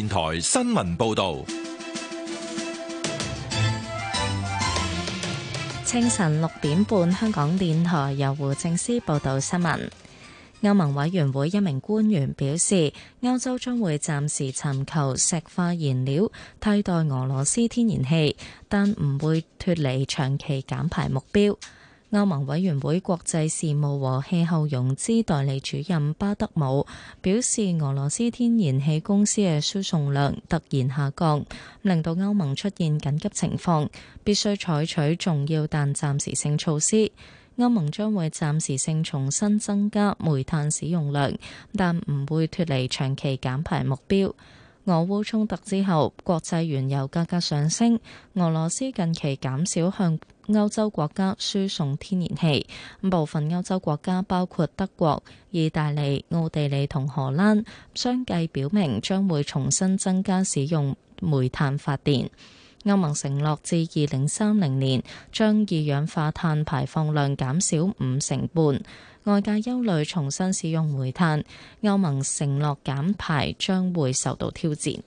電台新聞報道：清晨六點半，香港電台由胡政思報道新聞。歐盟委員會一名官員表示，歐洲將會暫時尋求石化燃料替代俄羅斯天然氣，但唔會脫離長期減排目標。歐盟委員會國際事務和氣候融資代理主任巴德姆表示，俄羅斯天然氣公司嘅輸送量突然下降，令到歐盟出現緊急情況，必須採取重要但暫時性措施。歐盟將會暫時性重新增加煤炭使用量，但唔會脫離長期減排目標。俄烏衝突之後，國際原油價格上升，俄羅斯近期減少向歐洲國家輸送天然氣。部分歐洲國家包括德國、意大利、奧地利同荷蘭，相繼表明將會重新增加使用煤炭發電。歐盟承諾至二零三零年，將二氧化碳排放量減少五成半。外界憂慮重新使用煤炭，歐盟承諾減排將會受到挑戰。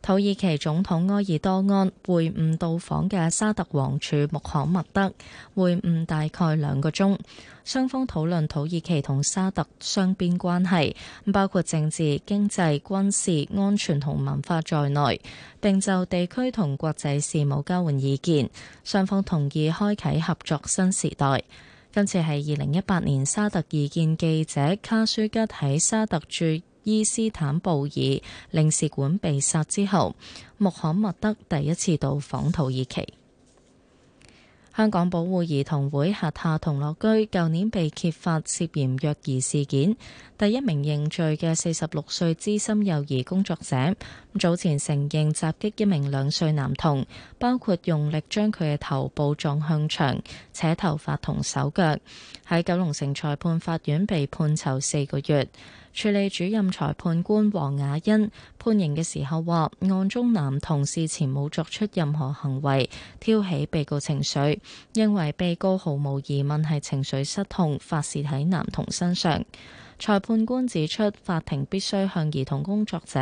土耳其總統埃爾多安會晤到訪嘅沙特王儲穆罕默德，會晤大概兩個鐘，雙方討論土耳其同沙特雙邊關係，包括政治、經濟、軍事、安全同文化在內，並就地區同國際事務交換意見。雙方同意開啟合作新時代。今次係二零一八年沙特異見記者卡舒吉喺沙特駐伊斯坦布爾領事館被殺之後，穆罕默德第一次到訪土耳其。香港保護兒童會轄下童樂居，舊年被揭發涉嫌虐兒事件，第一名認罪嘅四十六歲資深幼兒工作者，早前承認襲擊一名兩歲男童，包括用力將佢嘅頭部撞向牆、扯頭髮同手腳，喺九龍城裁判法院被判囚四個月。處理主任裁判官黃雅欣判刑嘅時候話，案中男童事前冇作出任何行為，挑起被告情緒，認為被告毫無疑問係情緒失控發洩喺男童身上。裁判官指出，法庭必須向兒童工作者，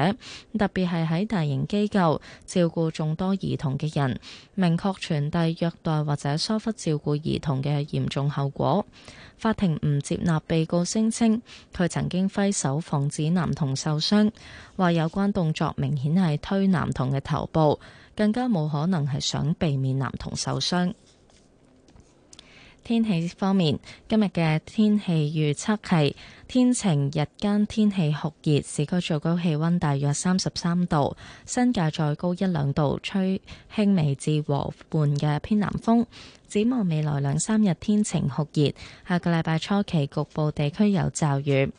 特別係喺大型機構照顧眾多兒童嘅人，明確傳遞虐待或者疏忽照顧兒童嘅嚴重後果。法庭唔接納被告聲稱佢曾經揮手防止男童受傷，話有關動作明顯係推男童嘅頭部，更加冇可能係想避免男童受傷。天氣方面，今日嘅天氣預測係天晴，日間天氣酷熱，市區最高氣溫大約三十三度，新界再高一兩度，吹輕微至和緩嘅偏南風。展望未來兩三日天晴酷熱，下個禮拜初期局部地區有驟雨。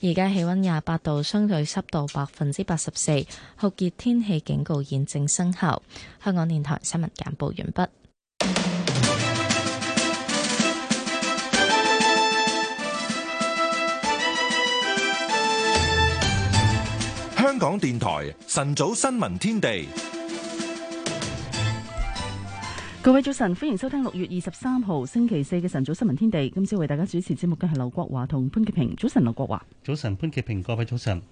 而家氣溫廿八度，相對濕度百分之八十四，酷熱天氣警告現正生效。香港電台新聞簡報完畢。香港電台晨早新聞天地，各位早晨，歡迎收聽六月二十三號星期四嘅晨早新聞天地。今朝為大家主持節目嘅係劉國華同潘潔平。早晨，劉國華，早晨，潘潔平，各位早晨。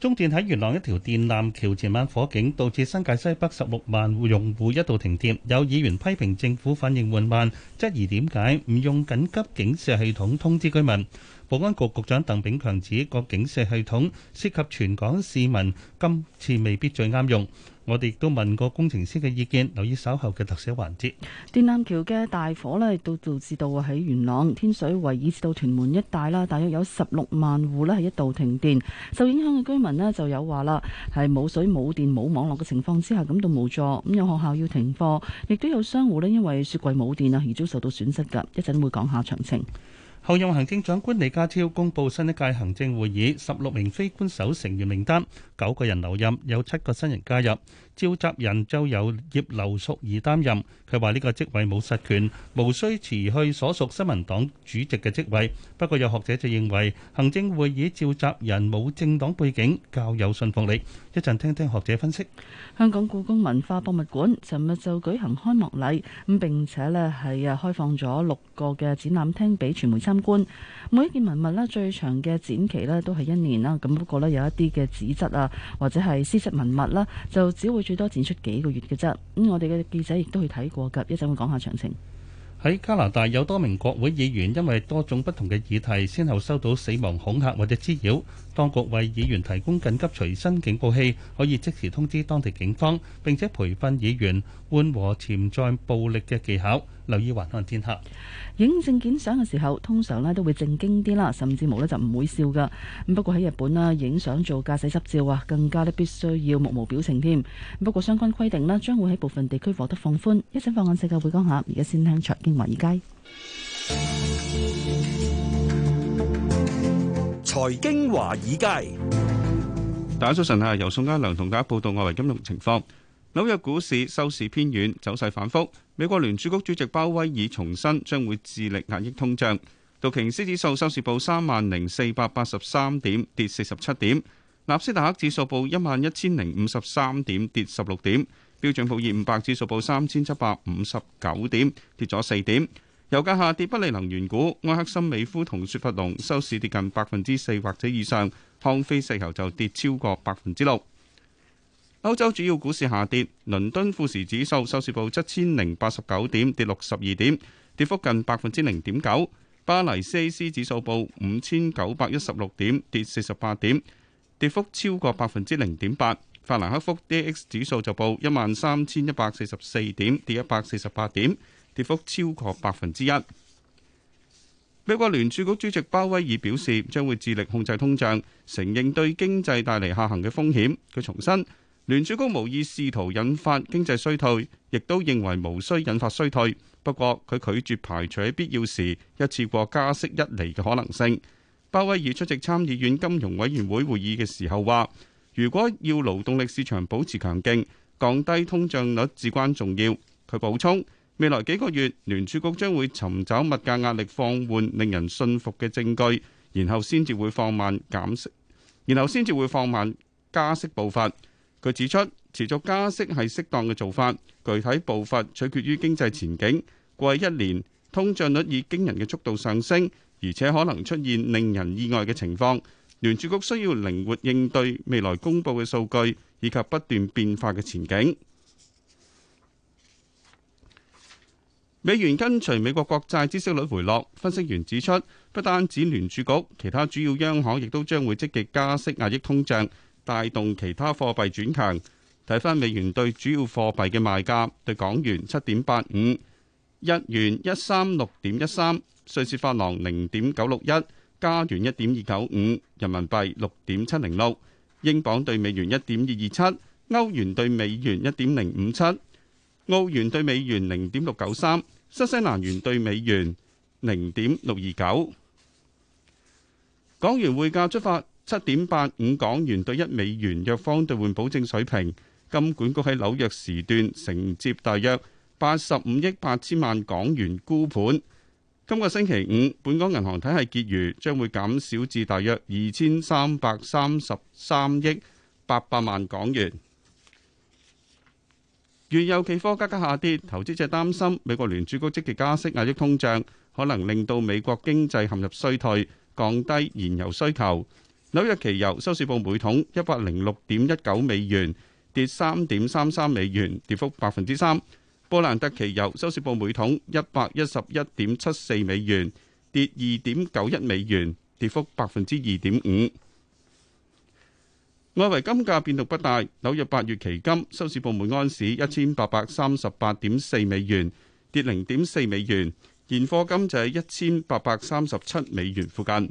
中電喺元朗一條電纜橋前晚火警，導致新界西北十六萬戶用戶一度停電。有議員批評政府反應緩慢，質疑點解唔用緊急警示系統通知居民。保安局局長鄧炳強指個警示系統涉及全港市民，今次未必最啱用。我哋亦都問過工程師嘅意見，留意稍後嘅特寫環節。電纜橋嘅大火呢，都導致到喺元朗天水圍以至到屯門一帶啦，大約有十六萬戶呢係一度停電。受影響嘅居民呢就有話啦，係冇水冇電冇網絡嘅情況之下，感到無助。咁有學校要停課，亦都有商戶呢因為雪櫃冇電啊而遭受到損失㗎。一陣會講下詳情。候任行政長官李家超公布新一屆行政會議十六名非官守成員名單。九個人留任，有七個新人加入。召集人就由葉劉淑儀擔任。佢話呢個職位冇實權，無需辭去所屬新民黨主席嘅職位。不過有學者就認為，行政會議召集人冇政黨背景，較有信服力。一陣聽聽學者分析。香港故宮文化博物館尋日就舉行開幕禮，咁並且呢係啊開放咗六個嘅展覽廳俾傳媒參觀。每一件文物呢最長嘅展期呢都係一年啦。咁不過呢有一啲嘅紙質啊，或者係私宅文物啦，就只會最多展出幾個月嘅啫。咁、嗯、我哋嘅記者亦都去睇過㗎，一陣會講下詳情。喺加拿大，有多名國會議員因為多種不同嘅議題，先後收到死亡恐嚇或者滋擾。當局為議員提供緊急隨身警報器，可以即時通知當地警方，並且培訓議員緩和潛在暴力嘅技巧。留意環看天下。影證件相嘅時候，通常咧都會正經啲啦，甚至無咧就唔會笑噶。咁不過喺日本啊，影相做駕駛執照啊，更加咧必須要目無表情添。不過相關規定咧將會喺部分地區獲得放寬。一陣放眼世界會講下，而家先聽財經華爾街。財經華爾街，大家早晨啊！由宋家良同大家報道外圍金融情況。紐約股市收市偏軟，走勢反覆。美國聯儲局主席鮑威爾重申將會致力壓抑通脹。道瓊斯指數收市報三萬零四百八十三點，跌四十七點。納斯達克指數報一萬一千零五十三點，跌十六點。標準普爾五百指數報三千七百五十九點，跌咗四點。油價下跌不利能源股，埃克森美孚同雪佛龍收市跌近百分之四或者以上，康菲石油就跌超過百分之六。歐洲主要股市下跌，倫敦富時指數收市報七千零八十九點，跌六十二點，跌幅近百分之零點九。巴黎 CAC 指數報五千九百一十六點，跌四十八點，跌幅超過百分之零點八。法蘭克福 DAX 指數就報一萬三千一百四十四點，跌一百四十八點。跌幅超過百分之一。美國聯儲局主席鮑威爾表示，將會致力控制通脹，承認對經濟帶嚟下行嘅風險。佢重申，聯儲局無意試圖引發經濟衰退，亦都認為無需引發衰退。不過，佢拒絕排除喺必要時一次過加息一厘嘅可能性。鮑威爾出席參議院金融委員會會議嘅時候話，如果要勞動力市場保持強勁，降低通脹率至關重要。佢補充。未來幾個月，聯儲局將會尋找物價壓力放緩、令人信服嘅證據，然後先至會放慢減息，然後先至會放慢加息步伐。佢指出，持續加息係適當嘅做法，具體步伐取決於經濟前景。過去一年，通脹率以驚人嘅速度上升，而且可能出現令人意外嘅情況。聯儲局需要靈活應對未來公布嘅數據以及不斷變化嘅前景。美元跟隨美國國債孳息率回落，分析員指出，不單止聯儲局，其他主要央行亦都將會積極加息壓，壓抑通脹，帶動其他貨幣轉強。睇返美元對主要貨幣嘅賣價：對港元七點八五，日元一三六點一三，瑞士法郎零點九六一，加元一點二九五，人民幣六點七零六，英鎊對美元一點二二七，歐元對美元一點零五七，澳元對美元零點六九三。新西蘭元兌美元零點六二九，港元匯價觸發七點八五港元兌一美元，弱方兌換保證水平。金管局喺紐約時段承接大約八十五億八千萬港元沽盤。今個星期五，本港銀行體系結餘將會減少至大約二千三百三十三億八百萬港元。原油期貨價格下跌，投資者擔心美國聯儲局積極加息壓抑通脹，可能令到美國經濟陷入衰退，降低燃油需求。紐約期油收市報每桶一百零六點一九美元，跌三點三三美元，跌幅百分之三。布蘭特期油收市報每桶一百一十一點七四美元，跌二點九一美元，跌幅百分之二點五。外圍金價變動不大，紐約八月期金收市報每安市一千八百三十八點四美元，跌零點四美元；現貨金就係一千八百三十七美元附近。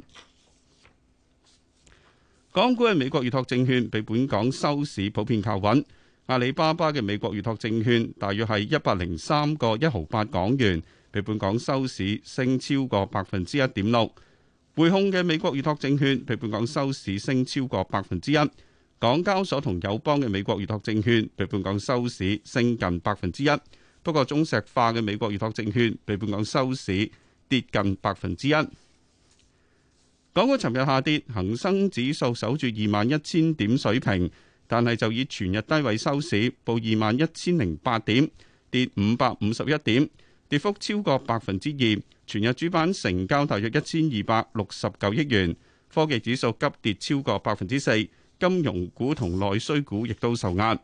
港股嘅美國預託證券被本港收市普遍靠穩，阿里巴巴嘅美國預託證券大約係一百零三個一毫八港元，被本港收市升超過百分之一點六。匯控嘅美國預託證券被本港收市升超過百分之一。港交所同友邦嘅美國預託證券比半港收市升近百分之一，不過中石化嘅美國預託證券比半港收市跌近百分之一。港股尋日下跌，恒生指數守住二萬一千點水平，但係就以全日低位收市，報二萬一千零八點，跌五百五十一點，跌幅超過百分之二。全日主板成交大約一千二百六十九億元，科技指數急跌超過百分之四。金融股同內需股亦都受壓。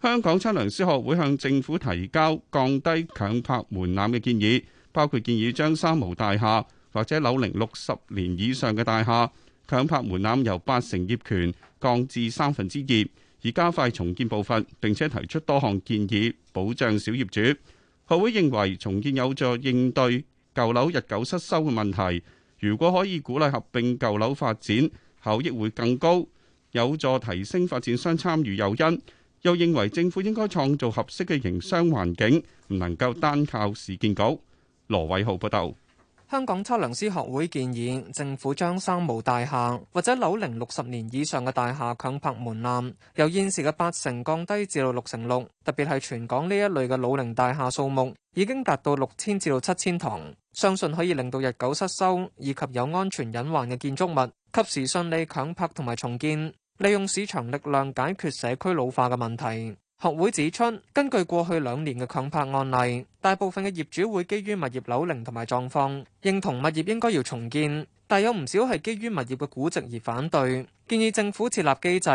香港測量師學會向政府提交降低強拍門檻嘅建議，包括建議將三無大廈或者樓齡六十年以上嘅大廈強拍門檻由八成業權降至三分之二，以加快重建部分，並且提出多項建議保障小業主。學會認為重建有助應對舊樓日久失修嘅問題。如果可以鼓勵合併舊樓發展。效益會更高，有助提升發展商參與誘因。又認為政府應該創造合適嘅營商環境，唔能夠單靠市建局。羅偉浩報道，香港測量師學會建議政府將三無大廈或者樓齡六十年以上嘅大廈強拍門檻，由現時嘅八成降低至到六成六。特別係全港呢一類嘅老齡大廈數目已經達到六千至到七千棟。相信可以令到日久失修以及有安全隱患嘅建築物，及時順利強拍同埋重建，利用市場力量解決社區老化嘅問題。學會指出，根據過去兩年嘅強拍案例，大部分嘅業主會基於物業樓齡同埋狀況，認同物業應該要重建，但有唔少係基於物業嘅估值而反對。建議政府設立機制，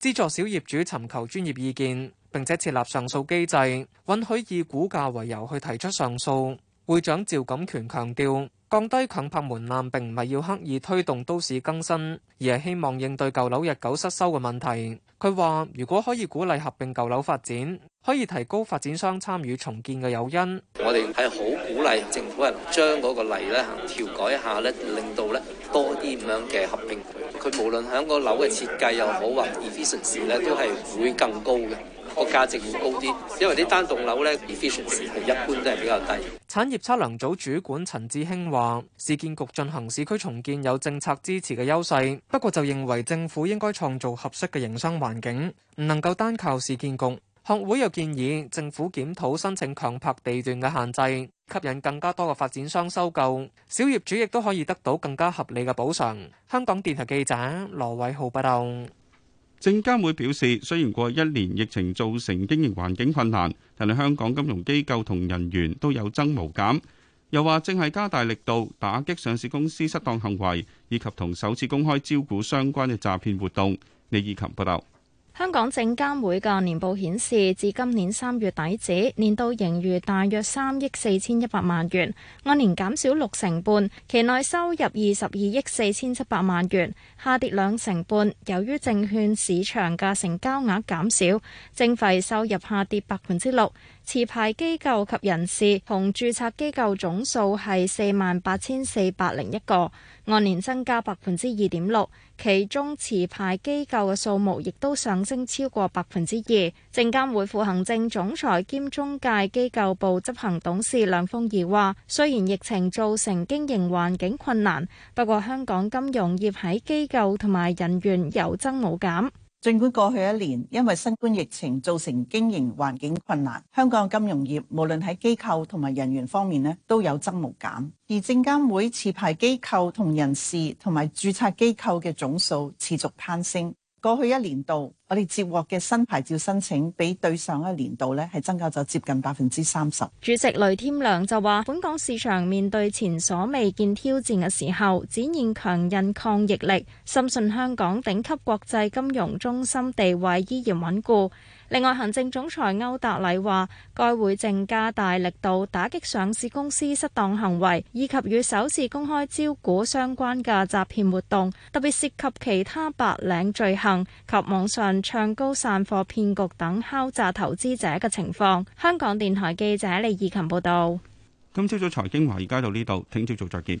資助小業主尋求專業意見，並且設立上訴機制，允許以估價為由去提出上訴。會長趙錦權強調，降低強拍門檻並唔係要刻意推動都市更新，而係希望應對舊樓日久失修嘅問題。佢話：如果可以鼓勵合併舊樓發展，可以提高發展商參與重建嘅誘因。我哋係好鼓勵政府人將嗰個例咧調改一下咧，令到咧多啲咁樣嘅合併。佢無論響個樓嘅設計又好或 efficiency 咧，都係會更高嘅。個價值會高啲，因為啲單棟樓咧，efficiency 係一般都係比較低。產業測量組主管陳志興話：市建局進行市區重建有政策支持嘅優勢，不過就認為政府應該創造合適嘅營商環境，唔能夠單靠市建局。學會又建議政府檢討申請強拍地段嘅限制，吸引更加多嘅發展商收購，小業主亦都可以得到更加合理嘅補償。香港電台記者羅偉浩報道。證監會表示，雖然過去一年疫情造成經營環境困難，但係香港金融機構同人員都有增無減。又話正係加大力度打擊上市公司失當行為，以及同首次公開招股相關嘅詐騙活動。李以琴報道。香港證監會嘅年報顯示，至今年三月底止，年度盈餘大約三億四千一百萬元，按年減少六成半。期內收入二十二億四千七百萬元，下跌兩成半。由於證券市場嘅成交額減少，徵費收入下跌百分之六。持牌機構及人士同註冊機構總數係四萬八千四百零一個，按年增加百分之二點六，其中持牌機構嘅數目亦都上升超過百分之二。證監會副行政總裁兼中介機構部執行董事梁鳳儀話：雖然疫情造成經營環境困難，不過香港金融業喺機構同埋人員有增冇減。儘管過去一年因為新冠疫情造成經營環境困難，香港金融業無論喺機構同埋人員方面都有增無減，而證監會持牌機構同人士同埋註冊機構嘅總數持續攀升。過去一年度，我哋接獲嘅新牌照申請，比對上一年度呢係增加咗接近百分之三十。主席雷添良就話，本港市場面對前所未見挑戰嘅時候，展現強韌抗逆力，深信香港頂級國際金融中心地位依然穩固。另外，行政總裁歐達禮話，該會正加大力度打擊上市公司失當行為，以及與首次公開招股相關嘅詐騙活動，特別涉及其他白領罪行及網上唱高散貨騙局等敲詐投資者嘅情況，香港電台記者李義琴報道。今朝早財經華爾街到呢度，聽朝早再見。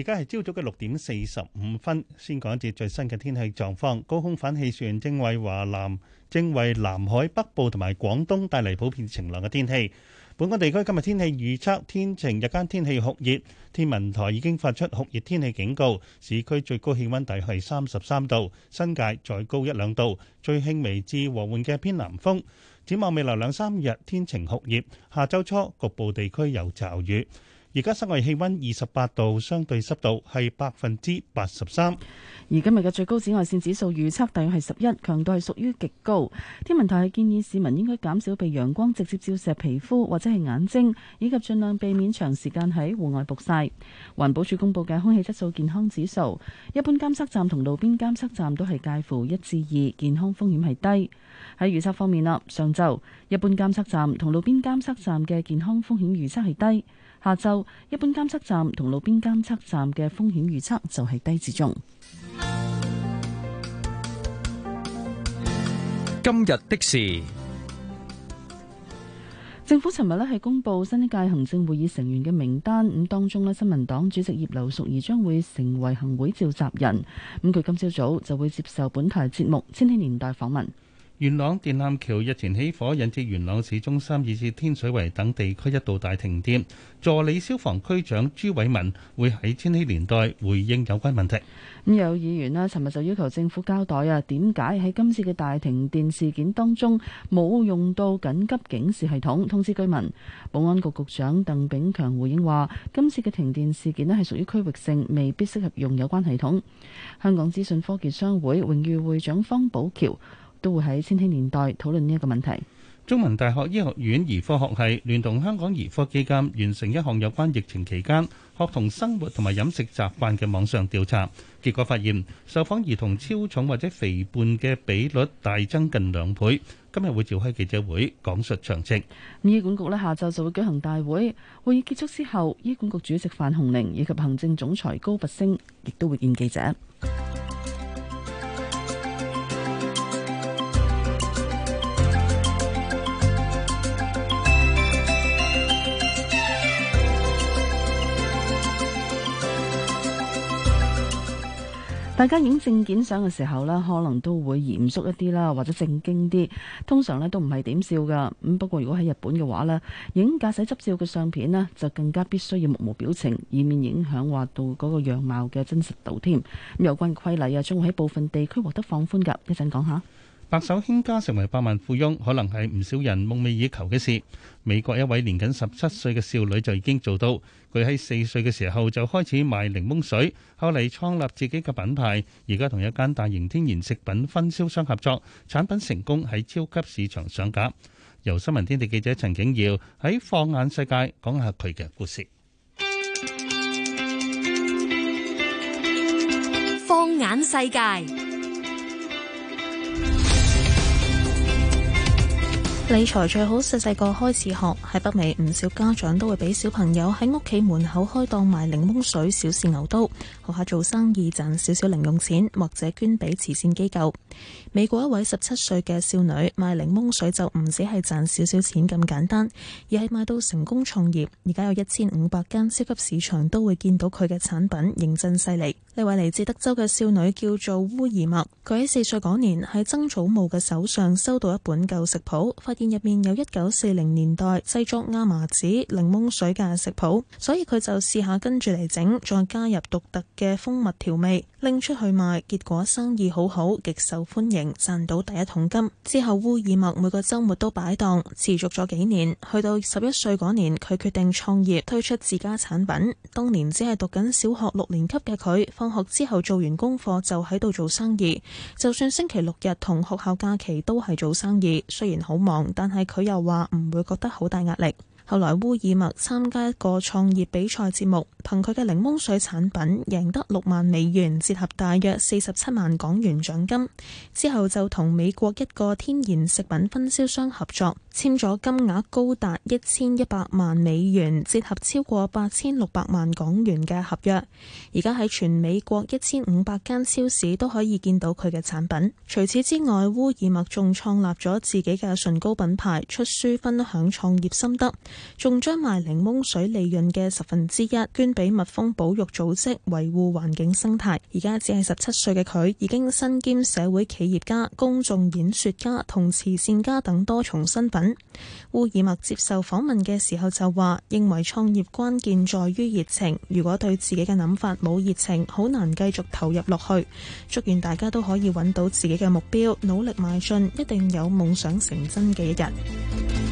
而家係朝早嘅六點四十五分，先講一節最新嘅天氣狀況。高空反氣旋正為華南、正為南海北部同埋廣東帶嚟普遍晴朗嘅天氣。本港地區今日天氣預測天晴，日間天氣酷熱，天文台已經發出酷熱天氣警告。市區最高氣溫大概係三十三度，新界再高一兩度。最輕微至和緩嘅偏南風，展望未來兩三日天晴酷熱，下週初局部地區有驟雨。而家室外氣溫二十八度，相對濕度係百分之八十三。而今日嘅最高紫外線指數預測大約係十一，強度係屬於極高。天文台係建議市民應該減少被陽光直接照射皮膚或者係眼睛，以及盡量避免長時間喺戶外曝曬。環保署公佈嘅空氣質素健康指數，一般監測站同路邊監測站都係介乎一至二，健康風險係低。喺預測方面啦，上晝一般監測站同路邊監測站嘅健康風險預測係低。下晝一般監測站同路邊監測站嘅風險預測就係低至中。今日的事，政府尋日咧係公布新一屆行政會議成員嘅名單，咁當中咧，新民黨主席葉劉淑儀將會成為行會召集人。咁佢今朝早，早就會接受本台節目《千禧年代》訪問。元朗電纜橋日前起火，引致元朗市中心，以至天水圍等地區一度大停電。助理消防區長朱偉文會喺千禧年代回應有關問題。咁有議員咧，尋日就要求政府交代啊，點解喺今次嘅大停電事件當中冇用到緊急警示系統通知居民？保安局局長鄧炳強回應話：今次嘅停電事件咧，係屬於區域性，未必適合用有關系統。香港資訊科技商會榮譽會長方寶橋，都會喺千禧年代討論呢一個問題。中文大學醫學院兒科學系聯同香港兒科基金完成一項有關疫情期間學童生活同埋飲食習慣嘅網上調查，結果發現受訪兒童超重或者肥胖嘅比率大增近兩倍。今日會召開記者會講述詳情。醫管局咧，下晝就會舉行大會，會議結束之後，醫管局主席范鴻齡以及行政總裁高拔升亦都會見記者。大家影證件相嘅時候呢，可能都會嚴肅一啲啦，或者正經啲。通常呢都唔係點笑噶。咁不過如果喺日本嘅話呢，影駕駛執照嘅相片呢，就更加必須要目無表情，以免影響畫到嗰個樣貌嘅真實度添。咁有關嘅規例啊，將會喺部分地區獲得放寬噶。講一陣講下。白手興家成為百萬富翁，可能係唔少人夢寐以求嘅事。美國一位年僅十七歲嘅少女就已經做到。佢喺四歲嘅時候就開始賣檸檬水，後嚟創立自己嘅品牌。而家同一間大型天然食品分銷商合作，產品成功喺超級市場上架。由新聞天地記者陳景耀喺《放眼世界》講下佢嘅故事。放眼世界。理財最好細細個開始學。喺北美，唔少家長都會俾小朋友喺屋企門口開檔賣檸檬水，小試牛刀，學下做生意賺少少零用錢，或者捐俾慈善機構。美國一位十七歲嘅少女賣檸檬水就唔止係賺少少錢咁簡單，而係賣到成功創業，而家有一千五百間超級市場都會見到佢嘅產品，認真犀利。呢位嚟自德州嘅少女叫做烏爾默，佢喺四歲嗰年喺曾祖母嘅手上收到一本舊食譜，發現入面有一九四零年代製作亞麻籽檸檬水嘅食譜，所以佢就試下跟住嚟整，再加入獨特嘅蜂蜜調味。拎出去賣，結果生意好好，極受歡迎，賺到第一桶金。之後，烏爾默每個周末都擺檔，持續咗幾年。去到十一歲嗰年，佢決定創業，推出自家產品。當年只係讀緊小學六年級嘅佢，放學之後做完功課就喺度做生意，就算星期六日同學校假期都係做生意。雖然好忙，但係佢又話唔會覺得好大壓力。後來，烏爾默參加一個創業比賽節目，憑佢嘅檸檬水產品贏得六萬美元，折合大約四十七萬港元獎金。之後就同美國一個天然食品分銷商合作。簽咗金額高達一千一百萬美元，折合超過八千六百萬港元嘅合約。而家喺全美國一千五百間超市都可以見到佢嘅產品。除此之外，烏爾默仲創立咗自己嘅唇膏品牌，出書分享創業心得，仲將賣檸檬水利潤嘅十分之一捐俾蜜蜂保育組織，維護環境生態。而家只係十七歲嘅佢，已經身兼社會企業家、公眾演說家同慈善家等多重身份。烏爾默接受訪問嘅時候就話，認為創業關鍵在於熱情。如果對自己嘅諗法冇熱情，好難繼續投入落去。祝願大家都可以揾到自己嘅目標，努力邁進，一定有夢想成真嘅一日。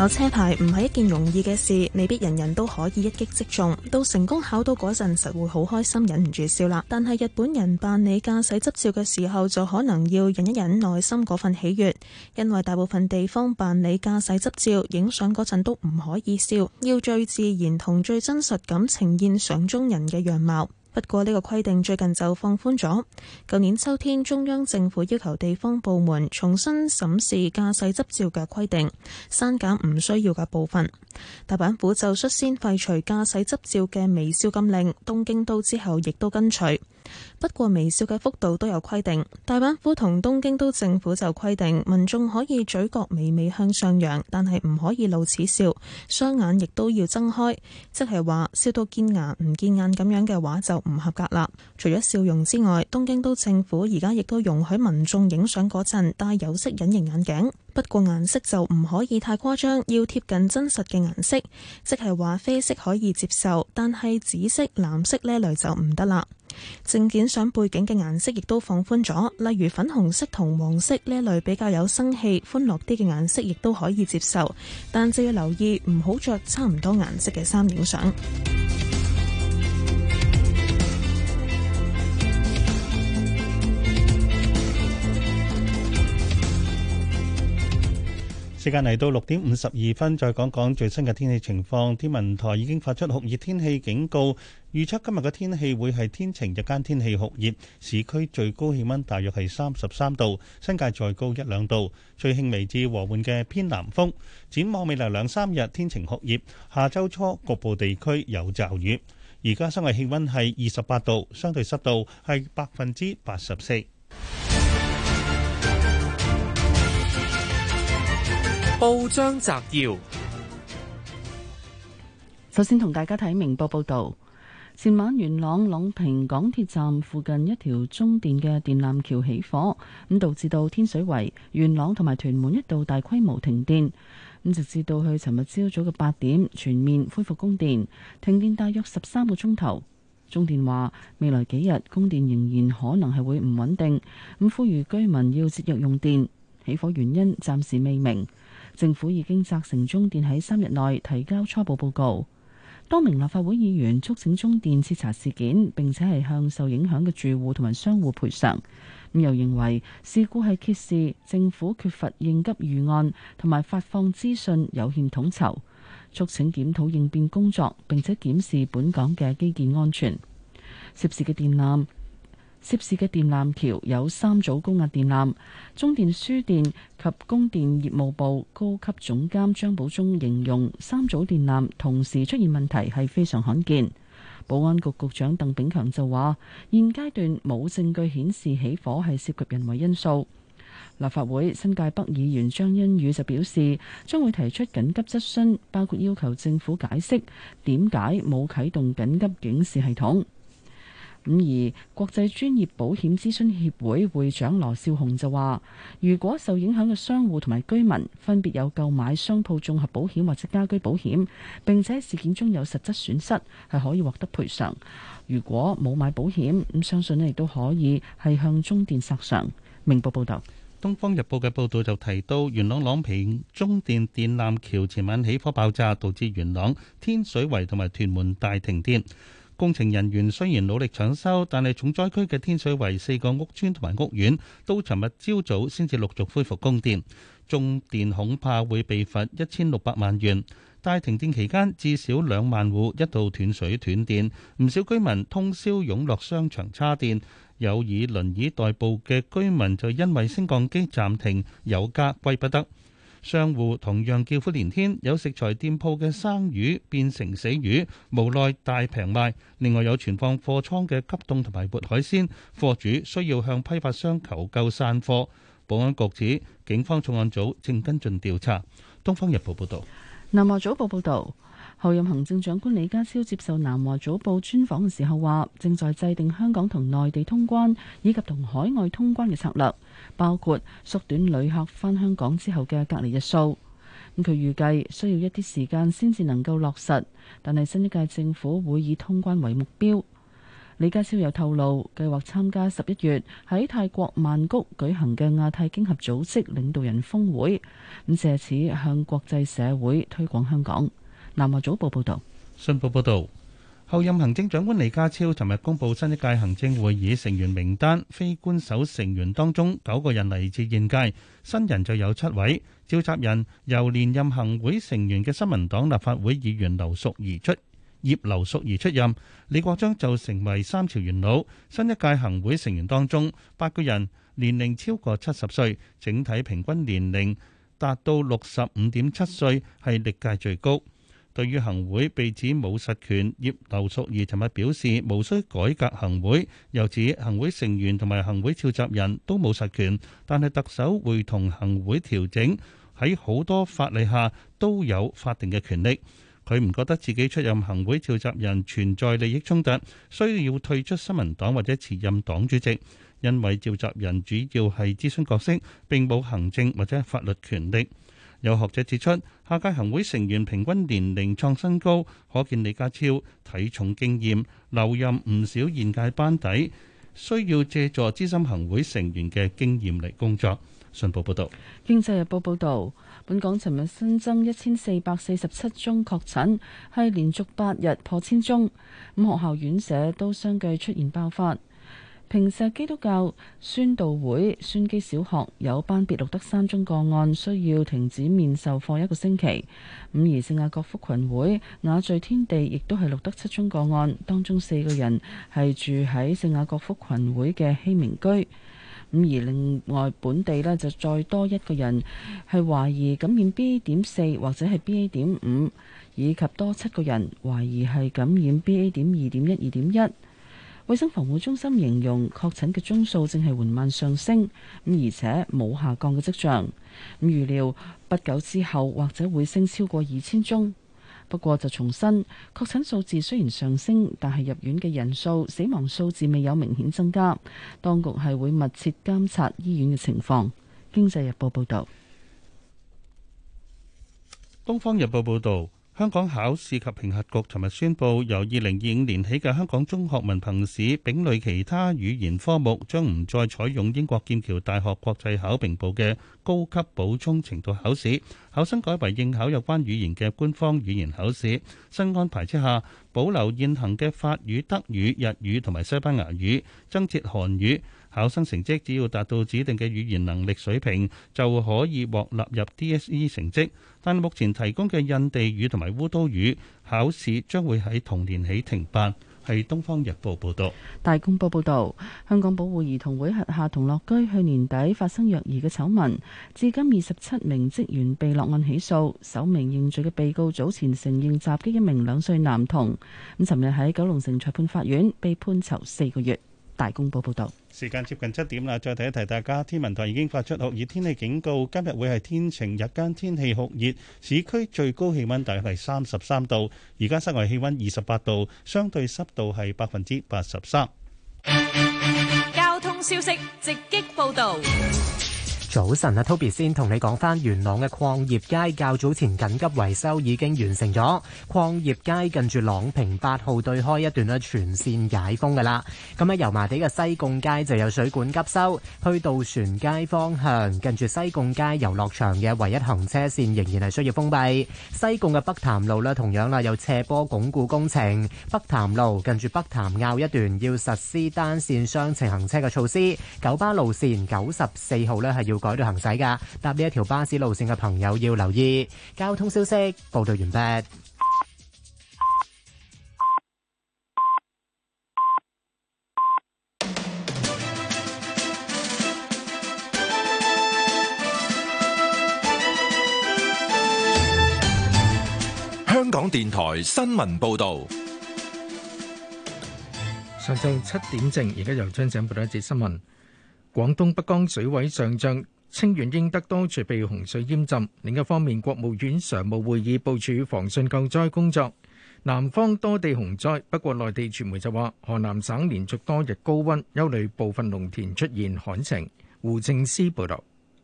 考車牌唔係一件容易嘅事，未必人人都可以一擊即中。到成功考到嗰陣，實會好開心，忍唔住笑啦。但係日本人辦理駕駛執照嘅時候，就可能要忍一忍內心嗰份喜悅，因為大部分地方辦理駕駛執照，影相嗰陣都唔可以笑，要最自然同最真實咁呈現相中人嘅樣貌。不過呢個規定最近就放寬咗。舊年秋天，中央政府要求地方部門重新審視駕駛執照嘅規定，刪減唔需要嘅部分。大阪府就率先廢除駕駛執照嘅微笑禁令，東京都之後亦都跟隨。不過微笑嘅幅度都有規定，大阪府同東京都政府就規定民眾可以嘴角微微向上揚，但係唔可以露齒笑，雙眼亦都要睜開，即係話笑到見牙唔見眼咁樣嘅話就唔合格啦。除咗笑容之外，東京都政府而家亦都容許民眾影相嗰陣戴有色隱形眼鏡，不過顏色就唔可以太誇張，要貼近真實嘅顏色，即係話，啡色可以接受，但係紫色、藍色呢類就唔得啦。證件相背景嘅顏色亦都放寬咗，例如粉紅色同黃色呢一類比較有生氣、歡樂啲嘅顏色，亦都可以接受。但就要留意唔好着差唔多顏色嘅衫影相。時間嚟到六點五十二分，再講講最新嘅天氣情況。天文台已經發出酷熱天氣警告，預測今日嘅天氣會係天晴，日間天氣酷熱，市區最高氣溫大約係三十三度，新界再高一兩度，吹輕微至和緩嘅偏南風。展望未來兩三日天晴酷熱，下周初局部地區有驟雨。而家室外氣溫係二十八度，相對濕度係百分之八十四。報章摘要：首先同大家睇明報報道，前晚元朗朗屏港鐵站附近一條中電嘅電纜橋起火，咁導致到天水圍、元朗同埋屯門一度大規模停電，咁直至到去尋日朝早嘅八點全面恢復供電。停電大約十三個鐘頭。中電話未來幾日供電仍然可能係會唔穩定，咁呼籲居民要節約用電。起火原因暫時未明。政府已經責成中電喺三日內提交初步報告。多名立法會議員促請中電徹查事件，並且係向受影響嘅住戶同埋商戶賠償。咁又認為事故係揭示政府缺乏應急預案，同埋發放資訊有欠統籌。促請檢討應變工作，並且檢視本港嘅基建安全。涉事嘅電纜。涉事嘅電纜橋有三組高壓電纜，中電輸電及供電業務部高級總監張寶忠形容三組電纜同時出現問題係非常罕見。保安局局長鄧炳強就話：現階段冇證據顯示起火係涉及人為因素。立法會新界北議員張欣宇就表示，將會提出緊急質詢，包括要求政府解釋點解冇啟動緊急警示系統。咁而國際專業保險諮詢協會會長羅少雄就話：如果受影響嘅商戶同埋居民分別有購買商鋪綜合保險或者家居保險，並且事件中有實質損失，係可以獲得賠償。如果冇買保險，咁相信咧亦都可以係向中電索償。明報報導，《東方日報》嘅報導就提到，元朗朗屏中電電纜橋前晚起火爆炸，導致元朗天水圍同埋屯門大停電。工程人員雖然努力搶修，但係重災區嘅天水圍四個屋村同埋屋苑都尋日朝早先至陸續恢復供電，中電恐怕會被罰一千六百萬元。大停電期間至少兩萬戶一度斷水斷電，唔少居民通宵湧落商場叉電，有以輪椅代步嘅居民就因為升降機暫停，有家歸不得。商戶同樣叫苦連天，有食材店鋪嘅生魚變成死魚，無奈大平賣。另外有存放貨倉嘅急凍同埋活海鮮，貨主需要向批發商求救散貨。保安局指警方重案組正跟進調查。《東方日報》報道，《南華早報》報道。候任行政長官李家超接受南華早報專訪嘅時候話，正在制定香港同內地通關以及同海外通關嘅策略，包括縮短旅客返香港之後嘅隔離日數。咁佢預計需要一啲時間先至能夠落實，但係新一屆政府會以通關為目標。李家超又透露，計劃參加十一月喺泰國曼谷舉行嘅亞太經合組織領導人峰會，咁借此向國際社會推廣香港。南華早報報道，信報報道，候任行政長官李家超尋日公布新一屆行政會議成員名單，非官守成員當中九個人嚟自現屆，新人就有七位。召集人由連任行會成員嘅新民黨立法會議員劉淑儀出葉劉淑儀出任。李國章就成為三朝元老。新一屆行會成員當中八個人年齡超過七十歲，整體平均年齡達到六十五點七歲，係歷屆最高。對於行會被指冇實權，葉劉淑儀尋日表示無需改革行會，又指行會成員同埋行會召集人都冇實權，但係特首會同行會調整喺好多法例下都有法定嘅權力。佢唔覺得自己出任行會召集人存在利益衝突，需要退出新民黨或者辭任黨主席，因為召集人主要係諮詢角色，並冇行政或者法律權力。有學者指出，下屆行會成員平均年齡創新高，可見李家超體重經驗留任唔少現屆班底，需要借助資深行會成員嘅經驗嚟工作。信報報導，《經濟日報》報道，本港尋日新增一千四百四十七宗確診，係連續八日破千宗。咁學校院舍都相繼出現爆發。平石基督教宣道會宣基小學有班別錄得三宗個案，需要停止面授課一個星期。咁而聖雅各福群會雅聚天地亦都係錄得七宗個案，當中四個人係住喺聖雅各福群會嘅希明居。咁而另外本地呢，就再多一個人係懷疑感染 B A 點四或者係 B A 點五，以及多七個人懷疑係感染 B A 點二點一二點一。衛生防護中心形容確診嘅宗數正係緩慢上升，咁、嗯、而且冇下降嘅跡象。咁、嗯、預料不久之後或者會升超過二千宗。不過就重申，確診數字雖然上升，但係入院嘅人數、死亡數字未有明顯增加。當局係會密切監察醫院嘅情況。經濟日報報道，東方日報報道。香港考試及評核局尋日宣布，由二零二五年起嘅香港中學文憑試，丙類其他語言科目，將唔再採用英國劍橋大學國際考評部嘅高級補充程度考試，考生改為應考有關語言嘅官方語言考試。新安排之下，保留現行嘅法語、德語、日語同埋西班牙語，增設韓語。考生成績只要達到指定嘅語言能力水平，就可以獲納入 DSE 成績。但目前提供嘅印地語同埋烏都語考試將會喺同年起停辦，係東方日報報道。大公報報道，香港保護兒童會轄下同樂居去年底發生虐兒嘅醜聞，至今二十七名職員被落案起訴，首名認罪嘅被告早前承認襲擊一名兩歲男童，咁尋日喺九龍城裁判法院被判囚四個月。大公報報道，時間接近七點啦，再提一提大家。天文台已經發出酷熱天氣警告，今日會係天晴，日間天氣酷熱，市區最高氣溫大約係三十三度，而家室外氣溫二十八度，相對濕度係百分之八十三。交通消息直擊報道。早晨啊，Toby 先同你講翻元朗嘅礦業街較早前緊急維修已經完成咗，礦業街近住朗屏八號對開一段咧全線解封噶啦。咁喺油麻地嘅西貢街就有水管急修，去渡船街方向近住西貢街遊樂場嘅唯一行車線仍然係需要封閉。西貢嘅北潭路咧同樣啦有斜坡鞏固工程，北潭路近住北潭坳一段要實施單線雙程行車嘅措施。九巴路線九十四號咧係要。改到行駛噶，搭呢一條巴士路線嘅朋友要留意交通消息。報道完畢。香港電台新聞報道，上晝七點正，而家由張生報道一節新聞。廣東北江水位上漲，清遠英德多處被洪水淹浸。另一方面，國務院常務會議部署防汛救災工作。南方多地洪災，不過內地傳媒就話河南省連續多日高温，憂慮部分農田出現旱情。胡正思報道。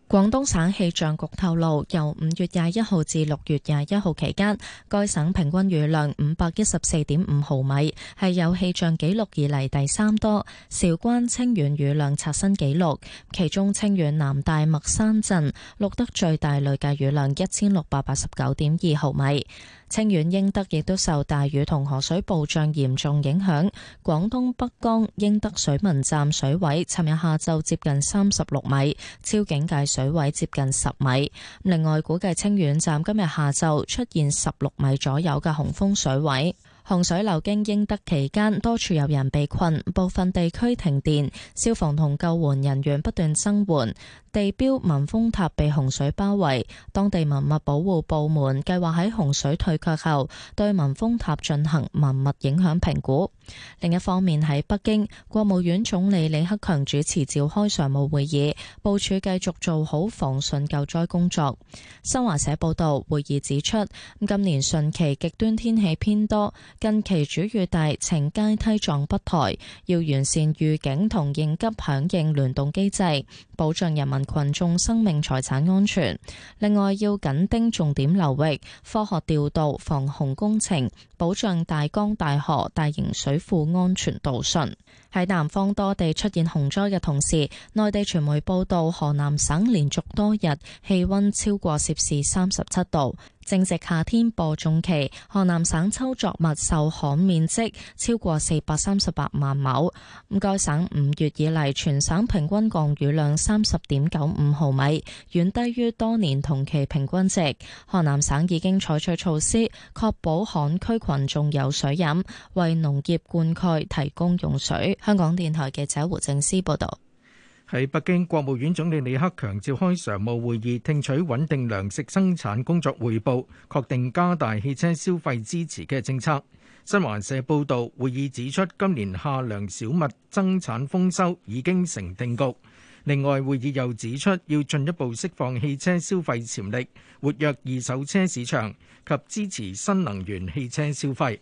廣東省氣象局透露，由五月廿一號至六月廿一號期間，該省平均雨量五百一十四點五毫米，係有氣象記錄以嚟，第三多。韶關清遠雨量刷新紀錄，其中清遠南大麥山鎮錄得最大累計雨量一千六百八十九點二毫米。清遠英德亦都受大雨同河水暴漲嚴重影響，廣東北江英德水文站水位尋日下晝接近三十六米，超警戒。水位接近十米，另外估計清遠站今日下晝出現十六米左右嘅洪峰水位。洪水流經英德期間，多處有人被困，部分地區停電，消防同救援人員不斷增援。地標文峰塔被洪水包圍，當地文物保護部門計劃喺洪水退卻後對文峰塔進行文物影響評估。另一方面喺北京，國務院總理李克強主持召開常務會議，部署繼續做好防汛救災工作。新華社報道，會議指出，今年汛期極端天氣偏多，近期主雨帶呈階梯狀北抬，要完善預警同應急響應聯動機制，保障人民群眾生命財產安全。另外，要緊盯重點流域，科學調度防洪工程，保障大江大河大型水水庫安全度汛。 喺南方多地出現洪災嘅同時，內地傳媒報道，河南省連續多日氣温超過攝氏三十七度，正值夏天播種期，河南省秋作物受旱面積超過四百三十八萬畝。咁該省五月以嚟全省平均降雨量三十點九五毫米，遠低於多年同期平均值。河南省已經採取措施，確保旱區群眾有水飲，為農業灌溉提供用水。香港電台嘅記者胡正思報道，喺北京，國務院總理李克強召開常務會議，聽取穩定糧食生產工作匯報，確定加大汽車消費支持嘅政策。新華社報道，會議指出，今年夏糧小麥增產豐收已經成定局。另外，會議又指出，要進一步釋放汽車消費潛力，活躍二手車市場及支持新能源汽車消費。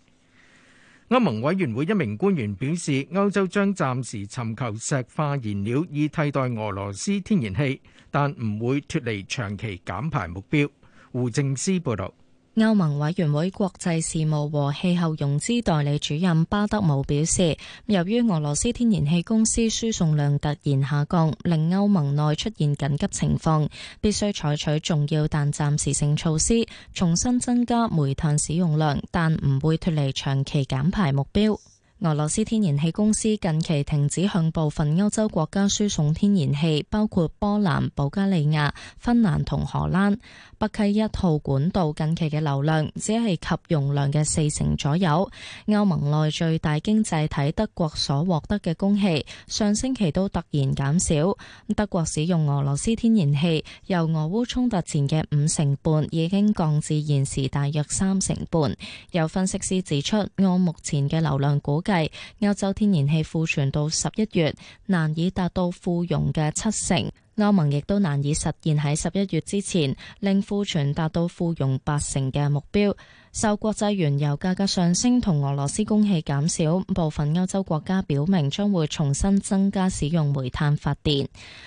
歐盟委員會一名官員表示，歐洲將暫時尋求石化燃料以替代俄羅斯天然氣，但唔會脫離長期減排目標。胡正思報道。歐盟委員會國際事務和氣候融資代理主任巴德姆表示，由於俄羅斯天然氣公司輸送量突然下降，令歐盟內出現緊急情況，必須採取重要但暫時性措施，重新增加煤炭使用量，但唔會脱離長期減排目標。俄羅斯天然氣公司近期停止向部分歐洲國家輸送天然氣，包括波蘭、保加利亞、芬蘭同荷蘭。北溪一號管道近期嘅流量只係及容量嘅四成左右。歐盟內最大經濟體德國所獲得嘅供氣，上星期都突然減少。德國使用俄羅斯天然氣由俄烏衝突前嘅五成半，已經降至現時大約三成半。有分析師指出，按目前嘅流量，估計歐洲天然氣庫存到十一月，難以達到庫容嘅七成。歐盟亦都難以實現喺十一月之前令庫存達到庫容八成嘅目標。受國際原油價格上升同俄羅斯供氣減少，部分歐洲國家表明將會重新增加使用煤炭發電。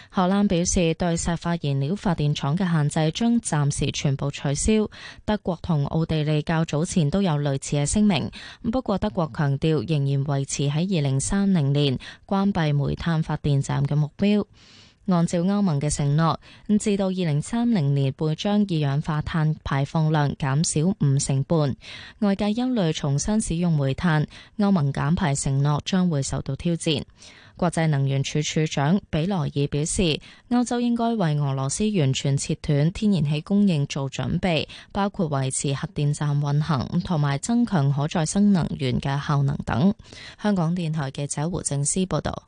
荷蘭表示對石化燃料發電廠嘅限制將暫時全部取消。德國同奧地利較早前都有類似嘅聲明，不過德國強調仍然維持喺二零三零年關閉煤炭發電站嘅目標。按照歐盟嘅承諾，咁至到二零三零年會將二氧化碳排放量減少五成半。外界憂慮重新使用煤炭，歐盟減排承諾將會受到挑戰。國際能源署署長比羅爾表示，歐洲應該為俄羅斯完全切斷天然氣供應做準備，包括維持核電站運行，同埋增強可再生能源嘅效能等。香港電台記者胡正思報道。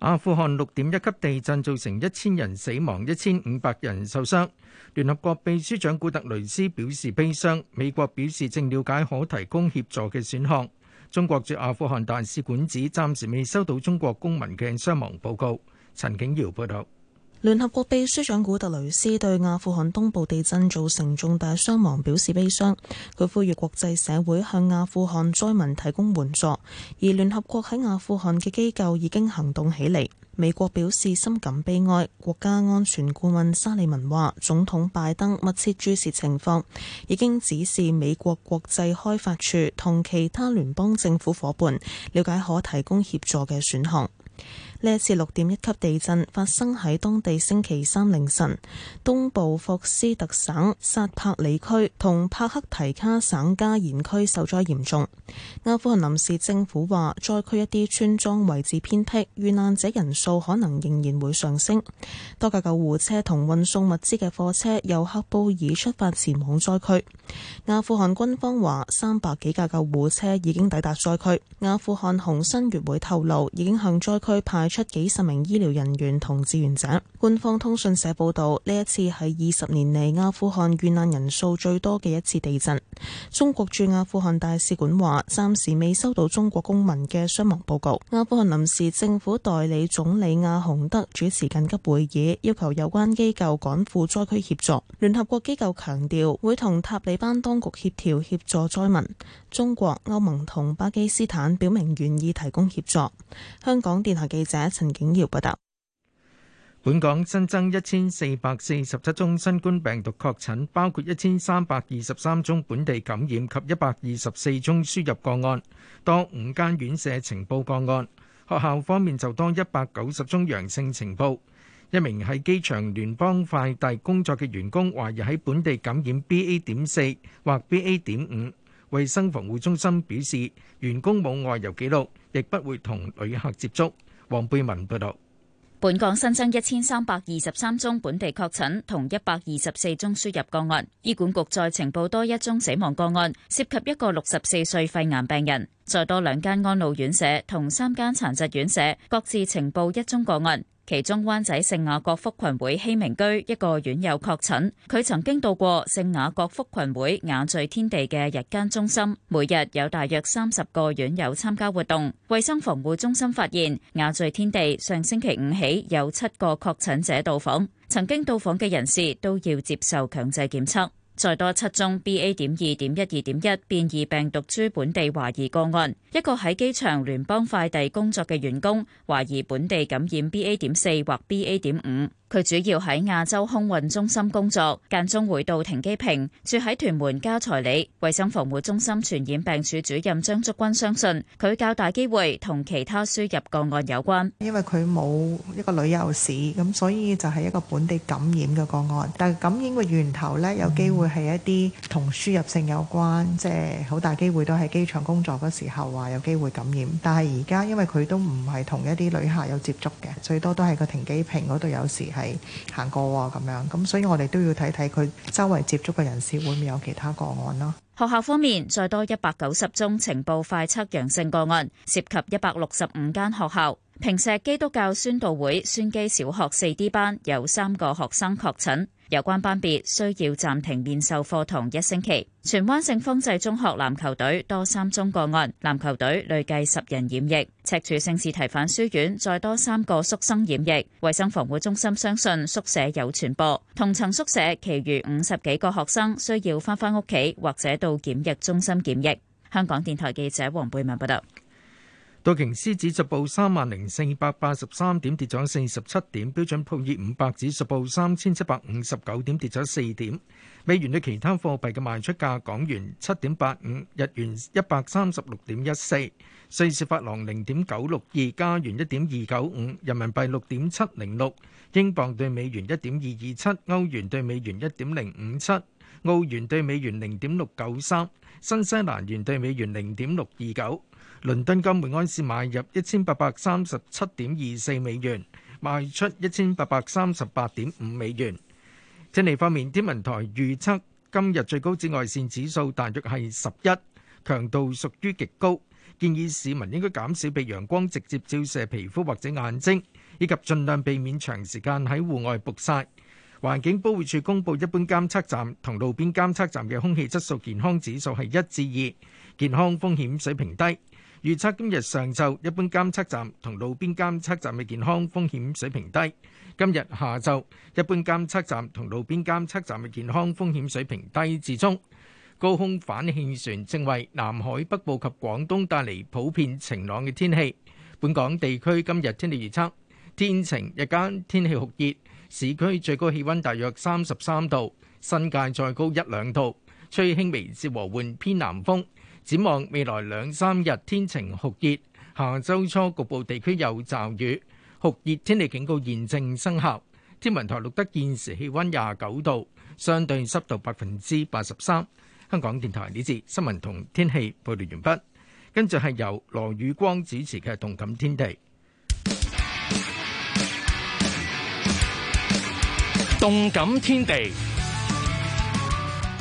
阿富汗六點一級地震造成一千人死亡，一千五百人受傷。聯合國秘書長古特雷斯表示悲傷，美國表示正了解可提供協助嘅選項。中國駐阿富汗大使館指暫時未收到中國公民嘅傷亡報告。陳景堯報道。聯合國秘書長古特雷斯對阿富汗東部地震造成重大傷亡表示悲傷，佢呼籲國際社會向阿富汗災民提供援助，而聯合國喺阿富汗嘅機構已經行動起嚟。美國表示深感悲哀，國家安全顧問沙利文話，總統拜登密切注視情況，已經指示美國國際開發署同其他聯邦政府伙伴了解可提供協助嘅選項。呢次六點一級地震發生喺當地星期三凌晨，東部霍斯特省沙柏里區同帕克提卡省加延區受災嚴重。阿富汗臨時政府話，災區一啲村莊位置偏僻，遇難者人數可能仍然會上升。多架救護車同運送物資嘅貨車由喀布爾出發前往災區。阿富汗軍方話，三百幾架救護車已經抵達災區。阿富汗紅新月會透露，已經向災區派出幾十名醫療人員同志願者。官方通訊社報導，呢一次係二十年嚟阿富汗遇難人數最多嘅一次地震。中國駐阿富汗大使館話，暫時未收到中國公民嘅傷亡報告。阿富汗臨時政府代理總理阿洪德主持緊急會議，要求有關機構趕赴災區協助。聯合國機構強調，會同塔利班當局協調協助災民。中國、歐盟同巴基斯坦表明願意提供協助。香港電台記者。陳景耀報道，本港新增一千四百四十七宗新冠病毒確診，包括一千三百二十三宗本地感染及一百二十四宗輸入個案，多五間院舍情報個案。學校方面就多一百九十宗陽性情報。一名喺機場聯邦快遞工作嘅員工懷疑喺本地感染 BA 點四或 BA 點五。衛生防護中心表示，員工冇外遊記錄，亦不會同旅客接觸。黃貝文報道，本港新增一千三百二十三宗本地確診，同一百二十四宗輸入個案。醫管局再呈報多一宗死亡個案，涉及一個六十四歲肺癌病人。再多兩間安老院舍同三間殘疾院舍，各自呈報一宗個案。其中灣仔聖雅各福群會希明居一個院友確診，佢曾經到過聖雅各福群會雅聚天地嘅日間中心，每日有大約三十個院友參加活動。衛生防護中心發現，雅聚天地上星期五起有七個確診者到訪，曾經到訪嘅人士都要接受強制檢測。再多七宗 BA. 點二點一二點一變異病毒株本地懷疑個案，一個喺機場聯邦快遞工作嘅員工懷疑本地感染 BA. 點四或 BA. 點五。佢主要喺亞洲空運中心工作，間中回到停機坪。住喺屯門加財里。衛生防護中心傳染病處主任張竹君相信，佢較大機會同其他輸入個案有關。因為佢冇一個旅遊史，咁所以就係一個本地感染嘅個案。但係感染嘅源，源頭咧，有機會係一啲同輸入性有關，即係好大機會都喺機場工作嗰時候話有機會感染。但係而家因為佢都唔係同一啲旅客有接觸嘅，最多都係個停機坪嗰度有時係。行過咁樣，咁所以我哋都要睇睇佢周圍接觸嘅人士會唔會有其他個案囉。學校方面再多一百九十宗情報快測陽性個案，涉及一百六十五間學校。平石基督教宣道會宣基小學四 D 班有三個學生確診。有關班別需要暫停面授課堂一星期。荃灣聖方濟中學籃球隊多三宗個案，籃球隊累計十人染疫。赤柱聖士提反書院再多三個宿生染疫，衛生防護中心相信宿舍有傳播，同層宿舍其餘五十幾個學生需要返返屋企或者到檢疫中心檢疫。香港電台記者黃貝文報道。道瓊斯指數報三萬零四百八十三點，跌咗四十七點。標準普爾五百指數報三千七百五十九點，跌咗四點。美元對其他貨幣嘅賣出價：港元七點八五，日元一百三十六點一四，瑞士法郎零點九六二，加元一點二九五，人民幣六點七零六，英鎊兌美元一點二二七，歐元兌美元一點零五七，澳元兌美元零點六九三，新西蘭元兌美元零點六二九。倫敦金每安士買入一千八百三十七點二四美元，賣出一千八百三十八點五美元。天氣方面，天文台預測今日最高紫外線指數大約係十一，強度屬於極高，建議市民應該減少被陽光直接照射皮膚或者眼睛，以及盡量避免長時間喺戶外曝曬。環境保護署公布一般監測站同路邊監測站嘅空氣質素健康指數係一至二，健康風險水平低。預測今日上晝一般監測站同路邊監測站嘅健康風險水平低。今日下晝一般監測站同路邊監測站嘅健康風險水平低至中。高空反氣旋正為南海北部及廣東帶嚟普遍晴朗嘅天氣。本港地區今日天氣預測，天晴，日間天氣酷熱，市區最高氣溫大約三十三度，新界再高一兩度，吹輕微至和緩偏南風。展望未來兩三日天晴酷熱，下周初局部地區有驟雨，酷熱天氣警告現正生效。天文台錄得現時氣溫廿九度，相對濕度百分之八十三。香港電台呢節新聞同天氣報道完畢，跟住係由羅宇光主持嘅動感天地。動感天地。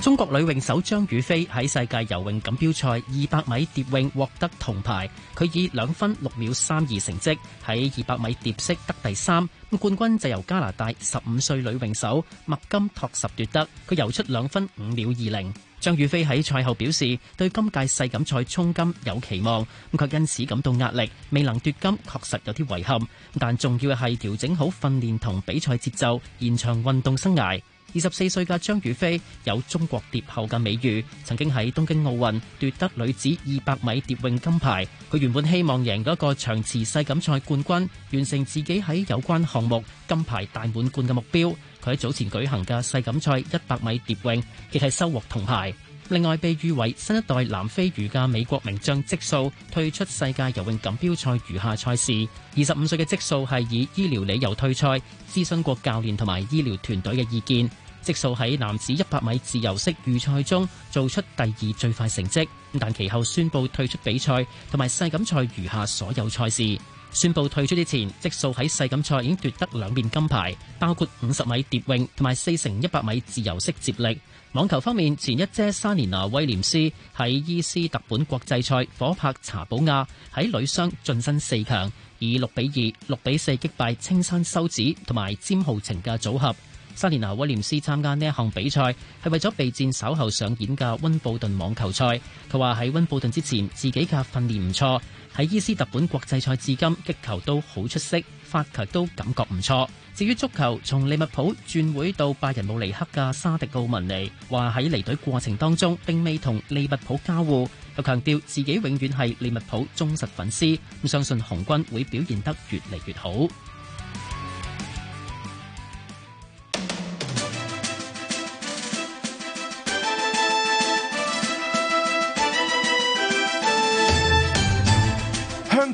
中國女泳手張雨霏喺世界游泳錦標賽200米蝶泳獲得銅牌，佢以2分6秒32成績喺200米蝶式得第三，咁冠軍就由加拿大15歲女泳手麥金托什奪得，佢游出2分5秒20。張雨霏喺賽後表示，對今屆世錦賽衝金有期望，咁佢因此感到壓力，未能奪金確實有啲遺憾，但重要嘅係調整好訓練同比賽節奏，延長運動生涯。二十四歲嘅張雨霏有中國蝶后嘅美譽，曾經喺東京奧運奪得女子二百米蝶泳金牌。佢原本希望贏咗一個長池世錦賽冠軍，完成自己喺有關項目金牌大滿貫嘅目標。佢喺早前舉行嘅世錦賽一百米蝶泳，亦係收穫銅牌。另外，被譽為新一代南非女嘅美國名將積數退出世界游泳錦標賽餘下賽事。二十五歲嘅積數係以醫療理由退賽，諮詢過教練同埋醫療團隊嘅意見。積數喺男子一百米自由式預賽中做出第二最快成績，但其後宣布退出比賽同埋世錦賽餘下所有賽事。宣布退出之前，積數喺世錦賽已經奪得兩面金牌，包括五十米蝶泳同埋四乘一百米自由式接力。網球方面，前一姐莎蓮娜威廉斯喺伊斯特本國際賽，伙拍查寶亞喺女雙晉身四強，以六比二、六比四擊敗青山修子同埋詹皓晴嘅組合。三年後威廉斯參加呢一項比賽係為咗備戰稍後上演嘅溫布頓網球賽。佢話喺溫布頓之前自己嘅訓練唔錯，喺伊斯特本國際賽至今擊球都好出色，發球都感覺唔錯。至於足球，從利物浦轉會到拜仁慕尼黑嘅沙迪奧文尼話喺離隊過程當中並未同利物浦交換，又強調自己永遠係利物浦忠實粉絲，咁相信紅軍會表現得越嚟越好。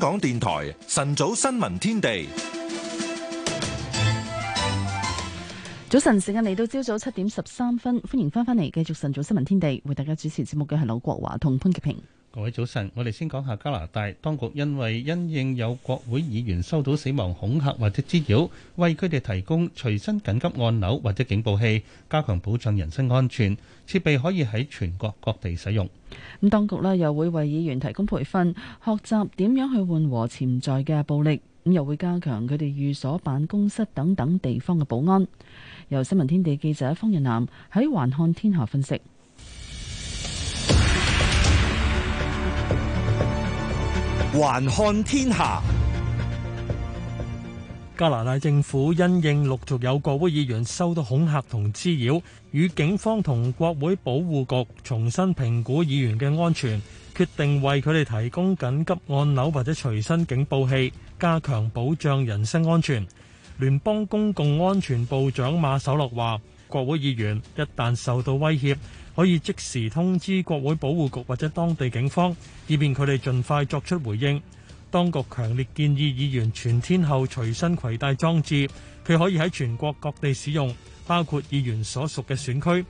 香港電台晨早新聞天地，早晨時間嚟到朝早七點十三分，歡迎翻返嚟，繼續晨早新聞天地，為大家主持節目嘅係劉國華同潘潔平。各位早晨，我哋先講下加拿大當局，因為因應有國會議員收到死亡恐嚇或者滋擾，為佢哋提供隨身緊急按鈕或者警報器，加強保障人身安全。設備可以喺全國各地使用。咁當局呢又會為議員提供培訓，學習點樣去緩和潛在嘅暴力。咁又會加強佢哋寓所、辦公室等等地方嘅保安。由新聞天地記者方日南喺環看天下分析。還看天下。加拿大政府因應陸續有國會議員受到恐嚇同滋擾，與警方同國會保護局重新評估議員嘅安全，決定為佢哋提供緊急按鈕或者隨身警報器，加強保障人身安全。聯邦公共安全部長馬守諾話，國會議員一旦受到威脅，可以即時通知國會保護局或者當地警方，以便佢哋盡快作出回應。當局強烈建議議員全天候隨身攜帶裝置，佢可以喺全國各地使用，包括議員所屬嘅選區。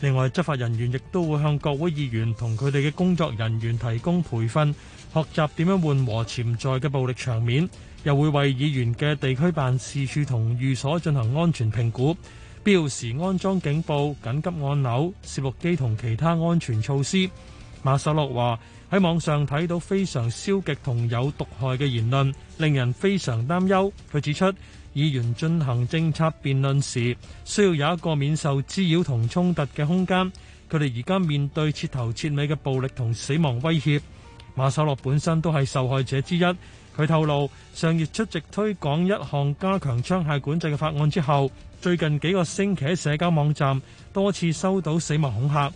另外，執法人員亦都會向各位議員同佢哋嘅工作人員提供培訓，學習點樣緩和潛在嘅暴力場面，又會為議員嘅地區辦事處同寓所進行安全評估。表示安裝警報、緊急按鈕、攝錄機同其他安全措施。馬守樂話：喺網上睇到非常消極同有毒害嘅言論，令人非常擔憂。佢指出，議員進行政策辯論時，需要有一個免受滋擾同衝突嘅空間。佢哋而家面對徹頭徹尾嘅暴力同死亡威脅。馬守樂本身都係受害者之一。佢透露，上月出席推廣一項加強槍械管制嘅法案之後，最近幾個星期喺社交網站多次收到死亡恐嚇。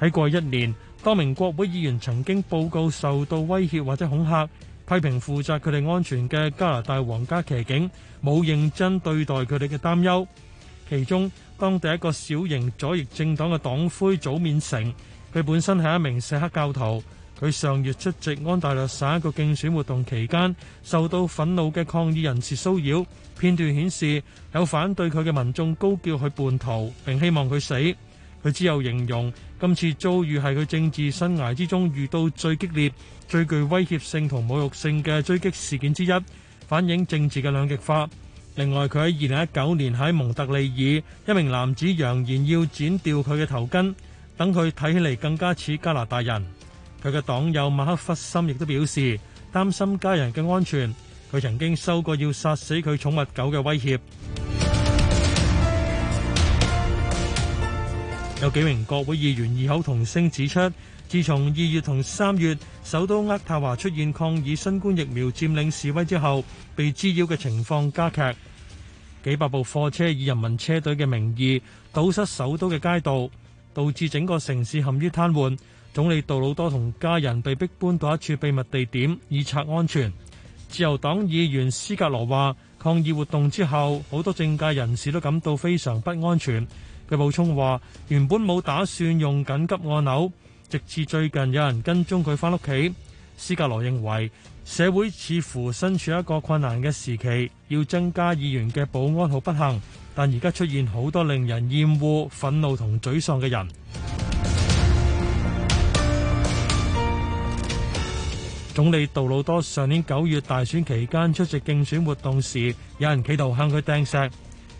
喺 過去一年，多名國會議員曾經報告受到威脅或者恐嚇，批評負責佢哋安全嘅加拿大皇家騎警冇認真對待佢哋嘅擔憂。其中，當地一個小型左翼政黨嘅黨魁組面成。佢本身係一名錫克教徒，佢上月出席安大略省一個競選活動期間，受到憤怒嘅抗議人士騷擾。片段顯示有反對佢嘅民眾高叫佢叛徒，並希望佢死。佢之後形容今次遭遇係佢政治生涯之中遇到最激烈、最具威脅性同侮辱性嘅追擊事件之一，反映政治嘅兩極化。另外，佢喺二零一九年喺蒙特利爾，一名男子揚言要剪掉佢嘅頭巾。等佢睇起嚟更加似加拿大人。佢嘅黨友馬克弗森亦都表示擔心家人嘅安全。佢曾經收過要殺死佢寵物狗嘅威脅。 有幾名國會議員異口同聲指出，自從二月同三月首都渥太華出現抗議新冠疫苗佔領示威之後，被滋擾嘅情況加劇。幾百部貨車以人民車隊嘅名義堵塞首都嘅街道。導致整個城市陷於癱瘓，總理杜魯多同家人被迫搬到一處秘密地點以策安全。自由黨議員斯格羅話：抗議活動之後，好多政界人士都感到非常不安全。佢補充話：原本冇打算用緊急按鈕，直至最近有人跟蹤佢返屋企。斯格羅認為，社會似乎身處一個困難嘅時期，要增加議員嘅保安好不幸，但而家出現好多令人厭惡、憤怒同沮喪嘅人。總理杜魯多上年九月大選期間出席競選活動時，有人企圖向佢掟石。喺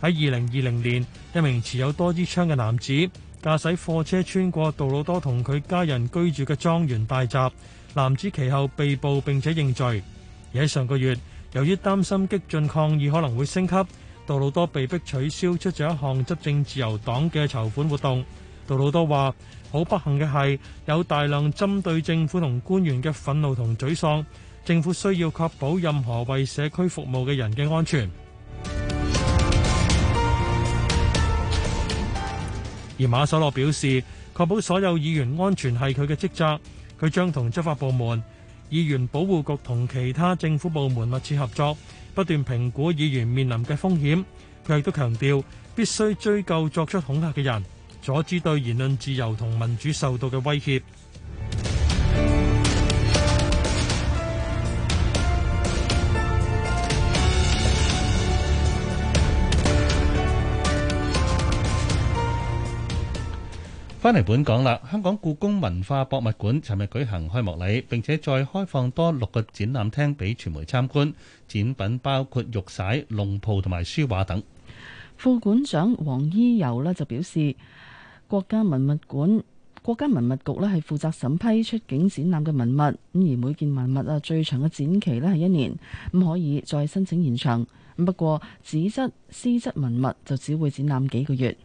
二零二零年，一名持有多支槍嘅男子駕駛貨車穿過杜魯多同佢家人居住嘅莊園大閘。男子其後被捕並且認罪。而喺上個月，由於擔心激進抗議可能會升級，杜魯多被迫取消出咗一項執政自由黨嘅籌款活動。杜魯多話：好不幸嘅係，有大量針對政府同官員嘅憤怒同沮喪，政府需要確保任何為社區服務嘅人嘅安全。而馬索洛表示，確保所有議員安全係佢嘅職責。佢將同執法部門、議員保護局同其他政府部門密切合作，不斷評估議員面臨嘅風險。佢亦都強調必須追究作出恐嚇嘅人，阻止對言論自由同民主受到嘅威脅。翻嚟本港啦！香港故宮文化博物館尋日舉行開幕禮，並且再開放多六個展覽廳俾傳媒參觀。展品包括玉璽、龍袍同埋書畫等。副館長王伊游咧就表示，國家文物館、國家文物局咧係負責審批出境展覽嘅文物，咁而每件文物啊最長嘅展期咧係一年，咁可以再申請延長。不過紙質、絲質文物就只會展覽幾個月。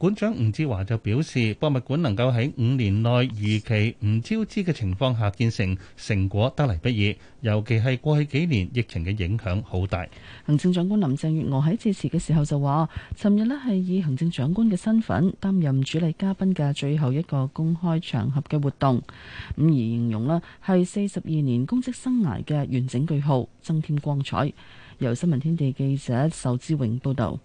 館長吳志華就表示，博物館能夠喺五年內如期唔超支嘅情況下建成，成果得嚟不易，尤其係過去幾年疫情嘅影響好大。行政長官林鄭月娥喺致辭嘅時候就話，尋日呢係以行政長官嘅身份擔任主禮嘉賓嘅最後一個公開場合嘅活動，咁而形容呢係四十二年公職生涯嘅完整句號，增添光彩。由新聞天地記者仇志榮報道。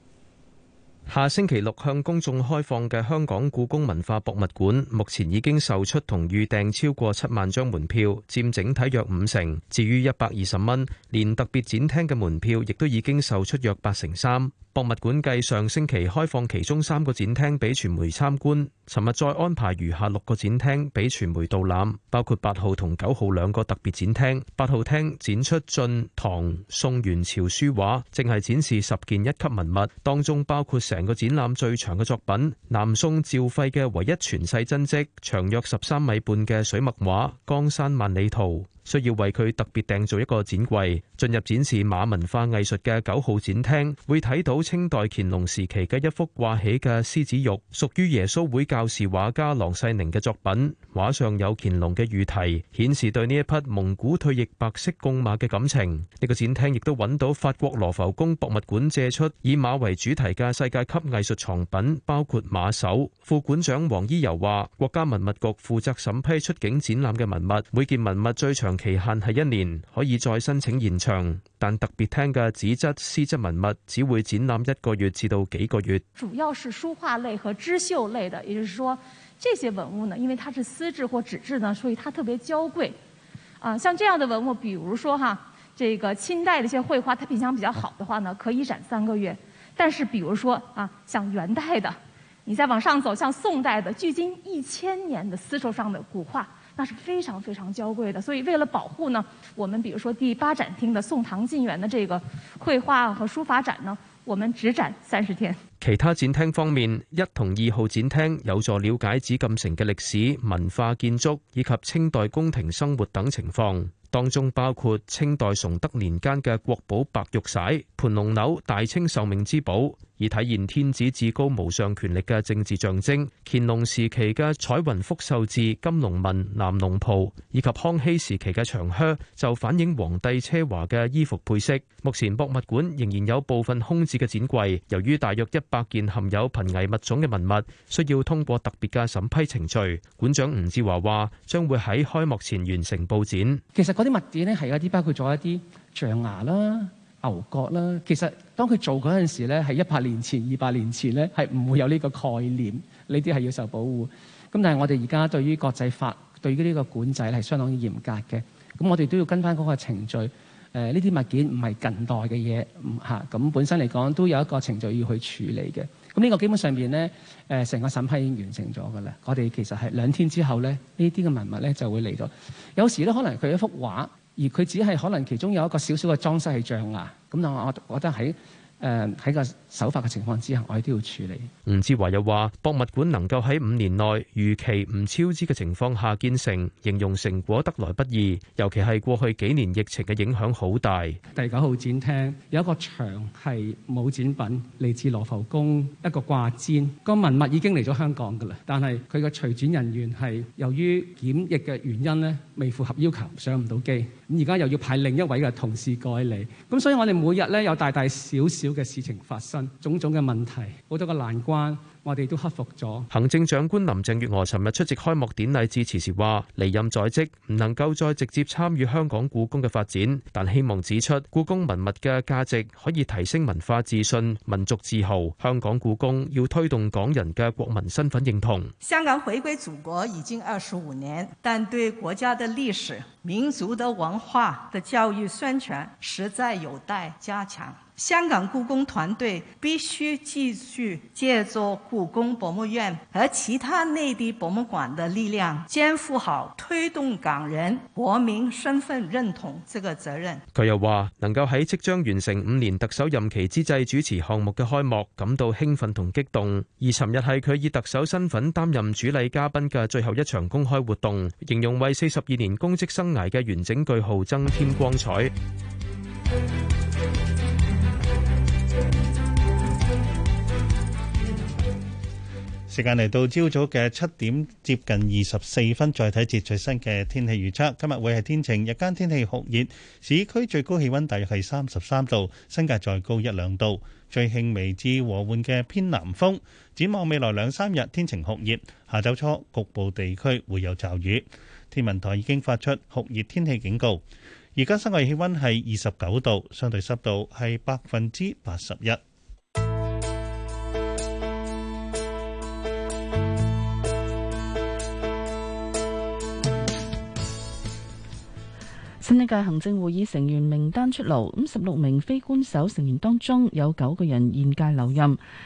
下星期六向公眾開放嘅香港故宮文化博物館目前已經售出同預訂超過七萬張門票，佔整體約五成。至於一百二十蚊連特別展廳嘅門票，亦都已經售出約八成三。博物館繼上星期開放其中三個展廳俾傳媒參觀，尋日再安排餘下六個展廳俾傳媒導覽，包括八號同九號兩個特別展廳。八號廳展出晉唐宋元朝書畫，正係展示十件一級文物，當中包括成個展覽最長嘅作品，南宋趙芾嘅唯一傳世真迹，長約十三米半嘅水墨畫《江山萬里圖》。需要為佢特別訂造一個展櫃，進入展示馬文化藝術嘅九號展廳，會睇到清代乾隆時期嘅一幅畫起嘅獅子玉，屬於耶穌會教士畫家郎世寧嘅作品，畫上有乾隆嘅御題，顯示對呢一匹蒙古退役白色貢馬嘅感情。呢個展廳亦都揾到法國羅浮宮博物館借出以馬為主題嘅世界級藝術藏品，包括馬首。副館長黃依柔話：國家文物局負責審批出境展覽嘅文物，每件文物最長。期限係一年，可以再申請延長。但特別廳嘅紙質、絲質文物只會展覽一個月至到幾個月。主要是書畫類和織繡類的，也就是說，這些文物呢，因為它是絲質或紙質呢，所以它特別嬌貴。啊，像這樣的文物，比如說哈、啊，這個清代的一些繪畫，它品相比較好的話呢，可以展三個月。但是，比如說啊，像元代的，你再往上走，像宋代的，距今一千年的絲綢上的古畫。那是非常非常嬌貴的，所以為了保護呢，我們比如說第八展廳的宋唐晉元的這個繪畫和書法展呢，我們只展三十天。其他展廳方面，一同二號展廳有助了解紫禁城嘅歷史、文化建築以及清代宮廷生活等情況。當中包括清代崇德年間嘅國寶白玉璽盤龍鈕大清壽命之寶，以體現天子至高無上權力嘅政治象徵，乾隆時期嘅彩雲福壽字金龍紋藍龍袍，以及康熙時期嘅長靴，就反映皇帝奢華嘅衣服配飾。目前博物館仍然有部分空置嘅展櫃，由於大約一百件含有瀕危物種嘅文物，需要通過特別嘅審批程序。館長吳志華話將會喺開幕前完成布展。其實啲物件咧係有啲包括咗一啲象牙啦、牛角啦。其實當佢做嗰陣時咧，係一百年前、二百年前咧，係唔會有呢個概念。呢啲係要受保護。咁但係我哋而家對於國際法對於呢個管制係相當嚴格嘅。咁我哋都要跟返嗰個程序。誒、呃，呢啲物件唔係近代嘅嘢，嚇、啊、咁本身嚟講都有一個程序要去處理嘅。咁呢個基本上面呢，誒、呃，成個審批已經完成咗㗎喇。我哋其實係兩天之後呢，呢啲嘅文物呢就會嚟到。有時呢，可能佢一幅畫，而佢只係可能其中有一個小小嘅裝飾係象牙。咁我，我覺得喺誒喺手法嘅情況之下，我哋都要處理。吳志華又話博物館能夠喺五年內如期唔超支嘅情況下建成，形容成果得來不易。尤其係過去幾年疫情嘅影響好大。第九號展廳有一個牆係冇展品，嚟自羅浮宮一個掛籤個文物已經嚟咗香港㗎啦，但係佢嘅隨展人員係由於檢疫嘅原因咧，未符合要求上唔到機，咁而家又要派另一位嘅同事過嚟，咁所以我哋每日咧有大大小小嘅事情發生。種種嘅問題，好多個難關，我哋都克服咗。行政長官林鄭月娥尋日出席開幕典禮致辭時話：離任在即，唔能夠再直接參與香港故宮嘅發展，但希望指出故宮文物嘅價值可以提升文化自信、民族自豪。香港故宮要推動港人嘅國民身份認同。香港回歸祖國已經二十五年，但對國家嘅歷史、民族的文化的教育宣傳，實在有待加強。香港故宮團隊必須繼續借助故宮博物院和其他內地博物館的力量，肩負好推動港人國民身份認同這個責任。佢又話：能夠喺即將完成五年特首任期之際主持項目嘅開幕，感到興奮同激動。而尋日係佢以特首身份擔任主禮嘉賓嘅最後一場公開活動，形容為四十二年公職生涯嘅完整句號增添光彩。時間嚟到朝早嘅七點，接近二十四分，再睇截最新嘅天氣預測。今日會係天晴，日間天氣酷熱，市區最高氣溫大約係三十三度，新界再高一兩度。吹輕微至和緩嘅偏南風。展望未來兩三日天晴酷熱，下晝初局部地區會有驟雨。天文台已經發出酷熱天氣警告。而家室外氣溫係二十九度，相對濕度係百分之八十一。新一屆行政會議成員名單出爐，咁十六名非官守成員當中有九個人現屆留任，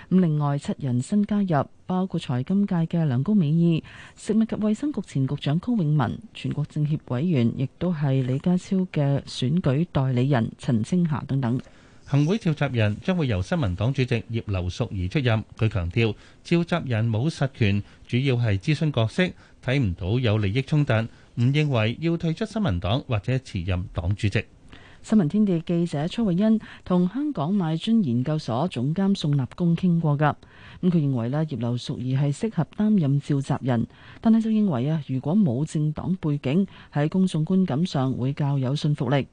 咁另外七人新加入，包括財金界嘅梁高美意、食物及衛生局前局長高永文、全國政協委員，亦都係李家超嘅選舉代理人陳清霞等等。行會召集人將會由新民黨主席葉劉淑儀出任，佢強調召集人冇實權，主要係諮詢角色，睇唔到有利益衝突。唔認為要退出新民黨或者辭任黨主席。新聞天地記者崔慧欣同香港買尊研究所總監宋立功傾過㗎。咁、嗯、佢認為咧，葉劉淑儀係適合擔任召集人，但係就認為啊，如果冇政黨背景，喺公眾觀感上會較有信服力。咁、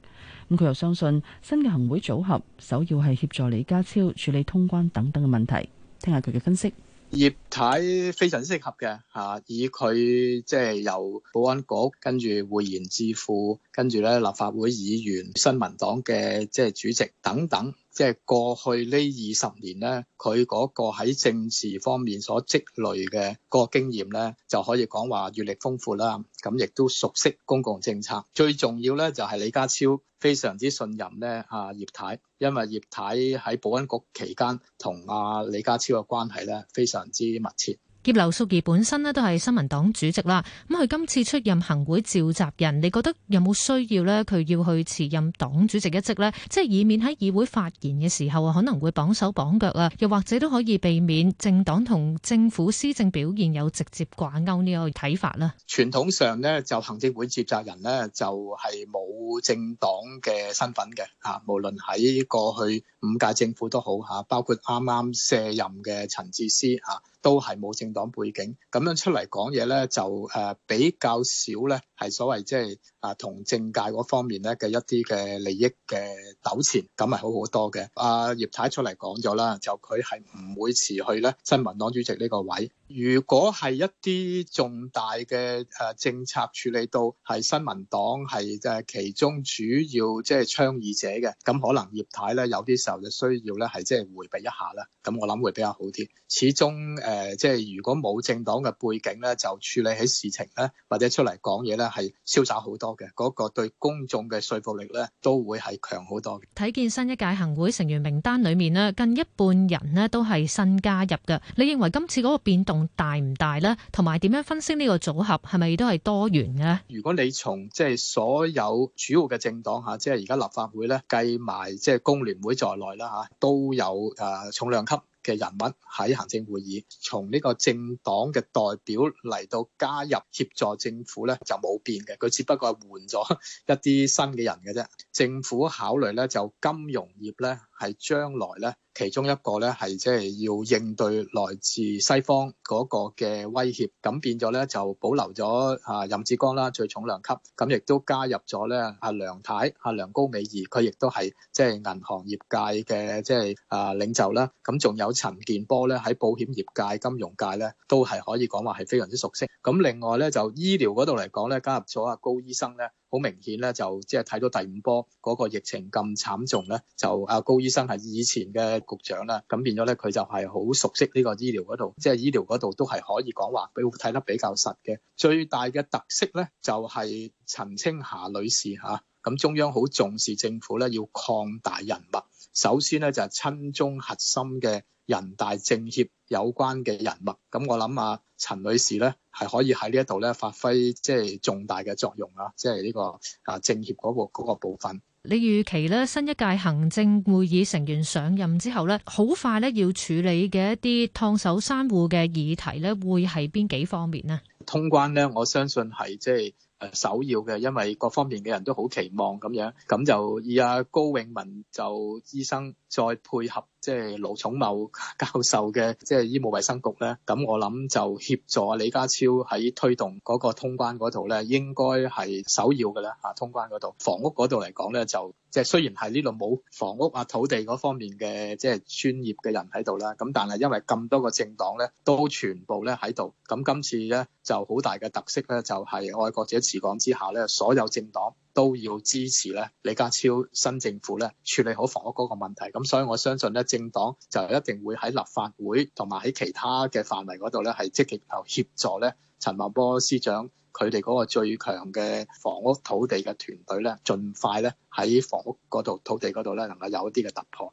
嗯、佢又相信新嘅行會組合首要係協助李家超處理通關等等嘅問題。聽下佢嘅分析。葉太非常適合嘅，吓、啊、以佢即係由保安局跟住匯賢智庫，跟住咧立法會議員、新民黨嘅即係主席等等，即、就、係、是、過去呢二十年咧，佢嗰個喺政治方面所積累嘅嗰個經驗咧，就可以講話閱歷豐富啦。咁亦都熟悉公共政策，最重要咧就係李家超。非常之信任咧，啊葉太，因為葉太喺保安局期間同啊李家超嘅關係咧非常之密切。葉劉淑儀本身咧都係新民黨主席啦。咁佢今次出任行會召集人，你覺得有冇需要咧？佢要去辭任黨主席一職呢？即係以免喺議會發言嘅時候啊，可能會綁手綁腳啊，又或者都可以避免政黨同政府施政表現有直接掛鈎呢？個睇法？咧，傳統上咧，就行政會召集人呢就係冇政黨嘅身份嘅吓，無論喺過去五屆政府都好吓，包括啱啱卸任嘅陳智思吓。都係冇政黨背景咁樣出嚟講嘢咧，就誒比較少咧係所謂即係啊同政界嗰方面咧嘅一啲嘅利益嘅糾纏，咁係好好多嘅。阿、啊、葉太出嚟講咗啦，就佢係唔會辭去咧新民黨主席呢個位。如果係一啲重大嘅誒政策處理到係新民黨係誒其中主要即係倡議者嘅，咁可能葉太咧有啲時候就需要咧係即係回避一下啦。咁我諗會比較好啲。始終誒即係如果冇政黨嘅背景咧，就處理喺事情咧，或者出嚟講嘢咧，係瀟灑好多嘅。嗰個對公眾嘅說服力咧，都會係強好多。睇見新一屆行會成員名單裡面呢，近一半人呢都係新加入嘅。你認為今次嗰個變動大唔大咧？同埋點樣分析呢個組合係咪都係多元嘅？如果你從即係所有主要嘅政黨嚇，即係而家立法會咧，計埋即係工聯會在內啦嚇，都有誒重量級嘅人物喺行政會議。從呢個政黨嘅代表嚟到加入協助政府咧，就冇變嘅。佢只不過係換咗一啲新嘅人嘅啫。政府考慮咧，就金融業咧。係將來咧，其中一個咧係即係要應對來自西方嗰個嘅威脅，咁變咗咧就保留咗啊任志剛啦，最重量級，咁亦都加入咗咧阿梁太、阿梁高美儀，佢亦都係即係銀行業界嘅即係啊領袖啦，咁仲有陳健波咧喺保險業界、金融界咧都係可以講話係非常之熟悉，咁另外咧就醫療嗰度嚟講咧加入咗阿高醫生咧。好明顯咧，就即係睇到第五波嗰個疫情咁慘重咧，就阿高醫生係以前嘅局長啦，咁變咗咧佢就係好熟悉呢個醫療嗰度，即係醫療嗰度都係可以講話畀睇得比較實嘅。最大嘅特色咧，就係陳清霞女士嚇，咁中央好重視政府咧，要擴大人脈，首先咧就係親中核心嘅。人大政協有關嘅人物，咁我諗啊，陳女士咧係可以喺呢一度咧發揮即係重大嘅作用啦，即係呢個啊政協嗰個部分。你預期咧新一屆行政會議成員上任之後咧，好快咧要處理嘅一啲燙手山芋嘅議題咧，會係邊幾方面呢？通關咧，我相信係即係誒首要嘅，因為各方面嘅人都好期望咁樣，咁就以阿高永文就醫生。再配合即係盧寵茂教授嘅即係醫務衛生局咧，咁我諗就協助李家超喺推動嗰個通關嗰度咧，應該係首要嘅啦嚇。通關嗰度房屋嗰度嚟講咧，就即係、就是、雖然係呢度冇房屋啊土地嗰方面嘅即係專業嘅人喺度啦，咁但係因為咁多個政黨咧都全部咧喺度，咁今次咧就好大嘅特色咧就係、是、愛國者治港之下咧，所有政黨都要支持咧，李家超新政府咧處理好房屋嗰個問題，咁所以我相信咧，政黨就一定會喺立法會同埋喺其他嘅範圍嗰度咧，係積極求協助咧，陳茂波司長佢哋嗰個最強嘅房屋土地嘅團隊咧，盡快咧喺房屋嗰度土地嗰度咧，能夠有一啲嘅突破。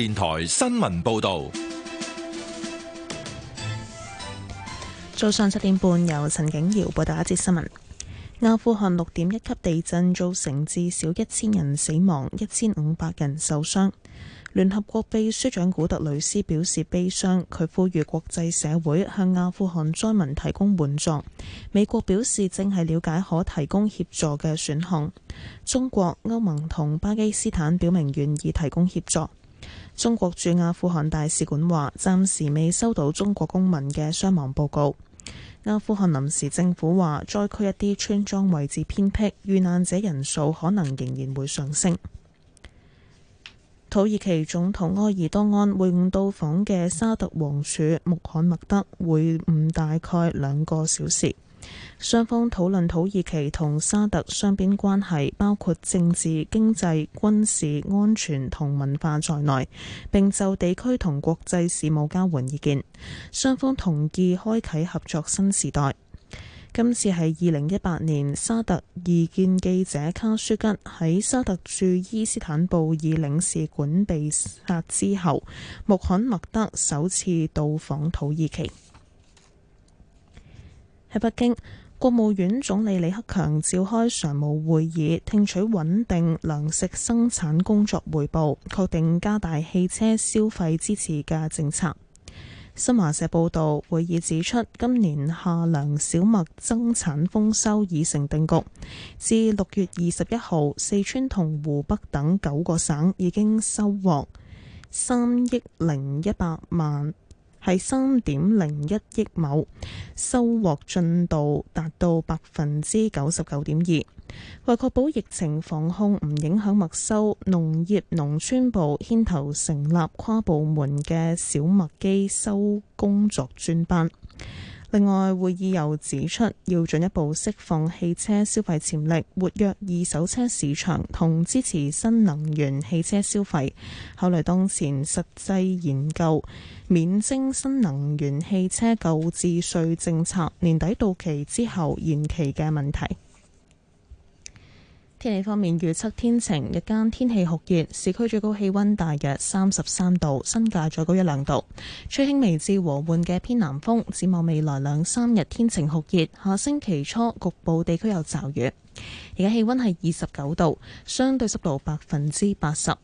電台新聞報道，早上七點半，由陳景瑤報道一節新聞。阿富汗六點一級地震造成至少一千人死亡，一千五百人受傷。聯合國秘書長古特雷斯表示悲傷，佢呼籲國際社會向阿富汗災民提供援助。美國表示正係了解可提供協助嘅選項。中國、歐盟同巴基斯坦表明願意提供協助。中國駐阿富汗大使館話：暫時未收到中國公民嘅傷亡報告。阿富汗臨時政府話，災區一啲村莊位置偏僻，遇難者人數可能仍然會上升。土耳其總統埃爾多安會晤到訪嘅沙特王儲穆罕默德，會晤大概兩個小時。雙方討論土耳其同沙特雙邊關係，包括政治、經濟、軍事、安全同文化在內，並就地區同國際事務交換意見。雙方同意開啟合作新時代。今次係二零一八年沙特異見記者卡舒吉喺沙特駐伊斯坦布爾領事館被殺之後，穆罕默德首次到訪土耳其。喺北京。國務院總理李克強召開常務會議，聽取穩定糧食生產工作匯報，確定加大汽車消費支持嘅政策。新華社報道，會議指出，今年夏糧小麥增產豐收已成定局。至六月二十一號，四川同湖北等九個省已經收穫三億零一百萬。係三點零一億畝，收穫進度達到百分之九十九點二。為確保疫情防控唔影響麥收，農業農村部牽頭成立跨部門嘅小麥機收工作專班。另外，會議又指出，要進一步釋放汽車消費潛力，活躍二手車市場同支持新能源汽車消費，考慮當前實際研究免徵新能源汽車購置稅政策年底到期之後延期嘅問題。天氣方面預測天晴，日間天氣酷熱，市區最高氣溫大約三十三度，新界再高一兩度，吹輕微至和緩嘅偏南風。展望未來兩三日天晴酷熱，下星期初局部地區有驟雨。而家氣溫係二十九度，相對濕度百分之八十，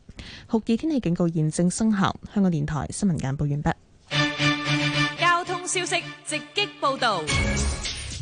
酷熱天氣警告現正生效。香港電台新聞簡報完畢。交通消息直擊報道。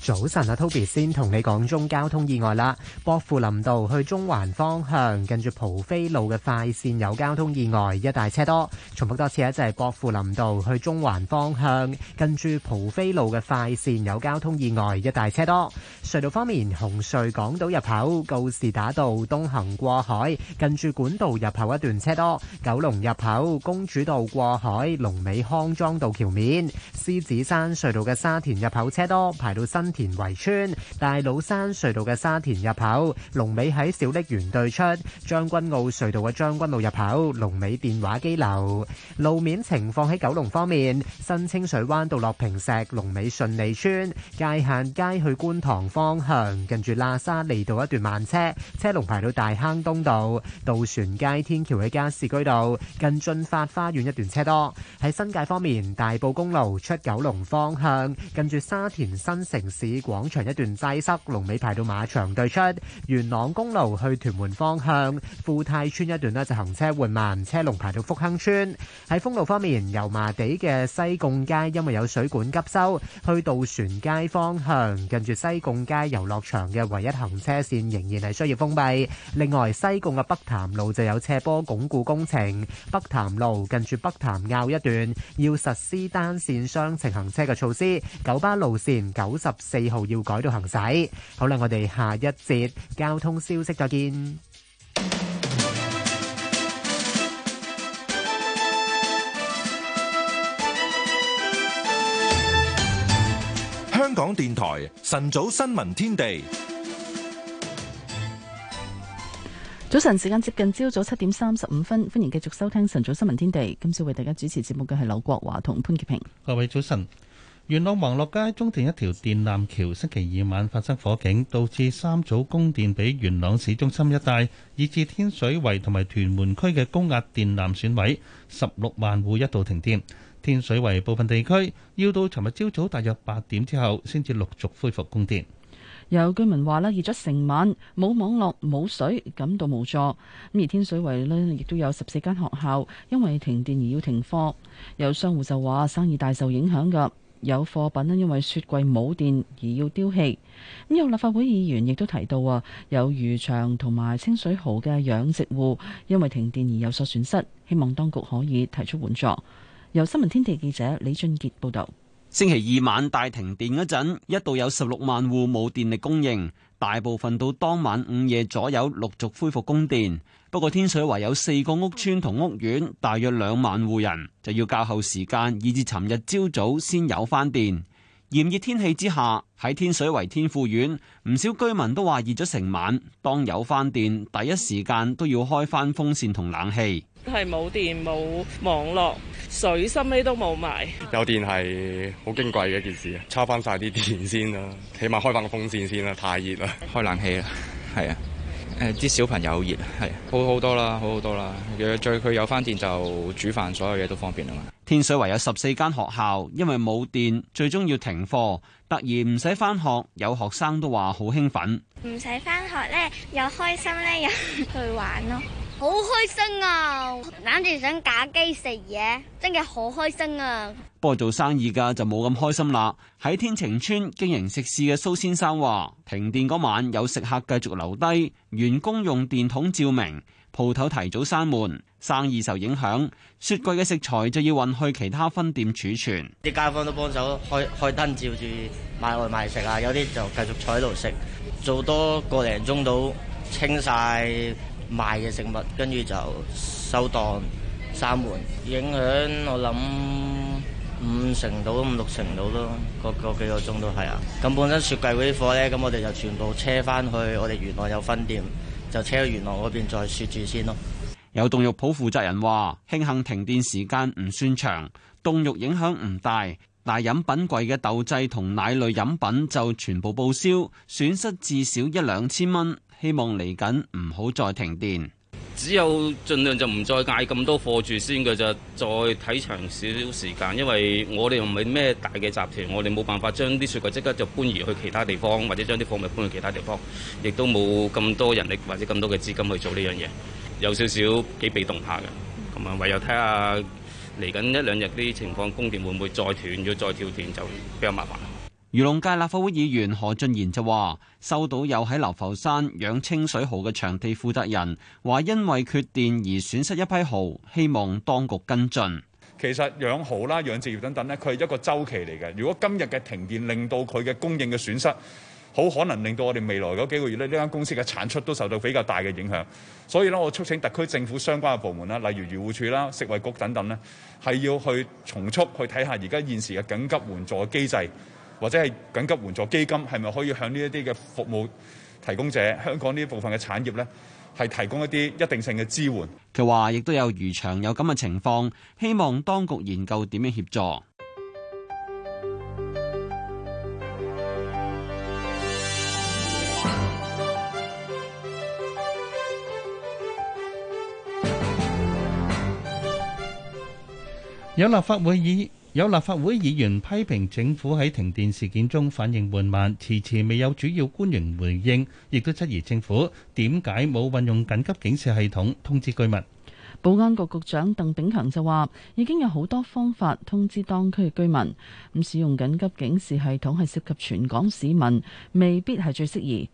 早晨啊，Toby 先同你講中交通意外啦。薄扶林道去中環方向，近住蒲飛路嘅快線有交通意外，一大車多。重複多次啊，就係薄扶林道去中環方向，近住蒲飛路嘅快線有交通意外，一大車多。隧道方面，紅隧港島入口告士打道東行過海，近住管道入口一段車多。九龍入口公主道過海，龍尾康莊道橋面，獅子山隧道嘅沙田入口車多，排到新。田圍村、大老山隧道嘅沙田入口、龍尾喺小瀝源對出、將軍澳隧道嘅將軍路入口、龍尾電話機樓，路面情況。喺九龍方面，新清水灣道落坪石龍尾順利村、界限街去觀塘方向，近住喇沙利道一段慢車，車龍排到大坑東道、渡船街天橋喺加士居道近駿發花園一段車多；喺新界方面，大埔公路出九龍方向，近住沙田新城市廣場一段擠塞，龍尾排到馬場對出；元朗公路去屯門方向，富泰村一段咧就行車緩慢，車龍排到福亨村。喺封路方面，油麻地嘅西貢街因為有水管急修，去渡船街方向，近住西貢街遊樂場嘅唯一行車線仍然係需要封閉。另外，西貢嘅北潭路就有斜坡鞏固工程，北潭路近住北潭坳一段要實施單線雙程行車嘅措施。九巴路線九十。四號要改到行駛。好啦，我哋下一節交通消息再見。香港電台晨早新聞天地，早晨時間接近朝早七點三十五分，歡迎繼續收聽晨早新聞天地。今次為大家主持節目嘅係劉國華同潘潔平，各位早晨。元朗宏樂街中段一條電纜橋，星期二晚發生火警，導致三組供電俾元朗市中心一帶，以至天水圍同埋屯門區嘅高壓電纜損毀，十六萬戶一度停電。天水圍部分地區要到尋日朝早大約八點之後，先至陸續恢復供電。有居民話呢熱咗成晚，冇網絡冇水，感到無助。咁而天水圍呢亦都有十四間學校因為停電而要停課。有商戶就話生意大受影響噶。有貨品咧，因為雪櫃冇電而要丟棄。有立法會議員亦都提到啊，有漁場同埋清水蠔嘅養殖戶因為停電而有所損失，希望當局可以提出援助。由新聞天地記者李俊傑報導。星期二晚大停電嗰陣，一度有十六萬戶冇電力供應，大部分到當晚午夜左右陸續恢復供電。不過天水圍有四個屋村同屋苑，大約兩萬戶人就要較後時間，以至尋日朝早先有翻電。炎熱天氣之下，喺天水圍天富苑，唔少居民都話熱咗成晚。當有翻電，第一時間都要開翻風扇同冷氣。係冇電冇網絡，水深、收尾都冇埋。有電係好矜貴嘅一件事，叉翻晒啲電先啦，起碼開翻個風扇先啦，太熱啦，開冷氣啦，係啊。誒，啲、嗯、小朋友熱係好好多啦，好好多啦。若再佢有翻電就煮飯，所有嘢都方便啊嘛。天水圍有十四間學校，因為冇電，最終要停課。突然唔使翻學，有學生都話好興奮，唔使翻學呢，又開心呢，又去玩咯。 好開心啊！諗住想打機食嘢，真嘅好開心啊！不過做生意噶就冇咁開心啦。喺天晴村經營食肆嘅蘇先生話，停電嗰晚有食客繼續留低，員工用電筒照明，鋪頭提早閂門，生意受影響。雪櫃嘅食材就要運去其他分店儲存。啲街坊都幫手開開燈照住買外賣食啊，有啲就繼續坐喺度食，做多個零鐘到清晒。賣嘅食物，跟住就收檔、閂門，影響我諗五成到五六成到咯，個個幾個鐘都係啊。咁本身雪櫃嗰啲貨呢，咁我哋就全部車翻去我哋元朗有分店，就車去元朗嗰邊再雪住先咯。有凍肉鋪負責人話：慶幸停電時間唔算長，凍肉影響唔大，但係飲品櫃嘅豆製同奶類飲品就全部報銷，損失至少一兩千蚊。希望嚟緊唔好再停電，只有盡量就唔再嗌咁多貨住先噶，就再睇長少少時間，因為我哋又唔係咩大嘅集團，我哋冇辦法將啲雪櫃即刻就搬移去其他地方，或者將啲貨物搬去其他地方，亦都冇咁多人力或者咁多嘅資金去做呢樣嘢，有少少幾被動下嘅，咁啊唯有睇下嚟緊一兩日啲情況，供電會唔會再斷咗，再跳電就比較麻煩。漁農界立法會議員何俊賢就話收到有喺流浮山養清水蚝嘅場地負責人話，因為缺電而損失一批蚝，希望當局跟進。其實養蚝啦，養殖業等等呢，佢係一個周期嚟嘅。如果今日嘅停電令到佢嘅供應嘅損失，好可能令到我哋未來嗰幾個月咧，呢間公司嘅產出都受到比較大嘅影響。所以呢，我促請特區政府相關嘅部門啦，例如漁護署啦，食衛局等等呢，係要去重速去睇下而家現時嘅緊急援助嘅機制，或者係緊急援助基金係咪可以向呢一啲嘅服務提供者、香港呢一部分嘅產業咧，係提供一啲一定性嘅支援？佢話亦都有漁場有咁嘅情況，希望當局研究點樣協助。有立法會議。有立法會議員批評政府喺停電事件中反應緩慢，遲遲未有主要官員回應，亦都質疑政府點解冇運用緊急警示系統通知居民。保安局局長鄧炳強就話：已經有好多方法通知當區嘅居民，咁使用緊急警示系統係涉及全港市民，未必係最適宜。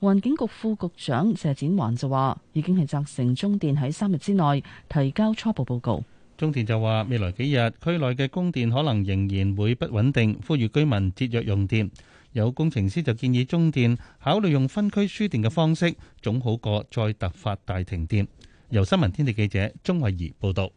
環境局副局長謝展環就話：已經係責成中電喺三日之內提交初步報告。中電就話，未來幾日區內嘅供電可能仍然會不穩定，呼籲居民節約用電。有工程師就建議中電考慮用分區輸電嘅方式，總好過再突發大停電。由新聞天地記者鍾慧儀報道。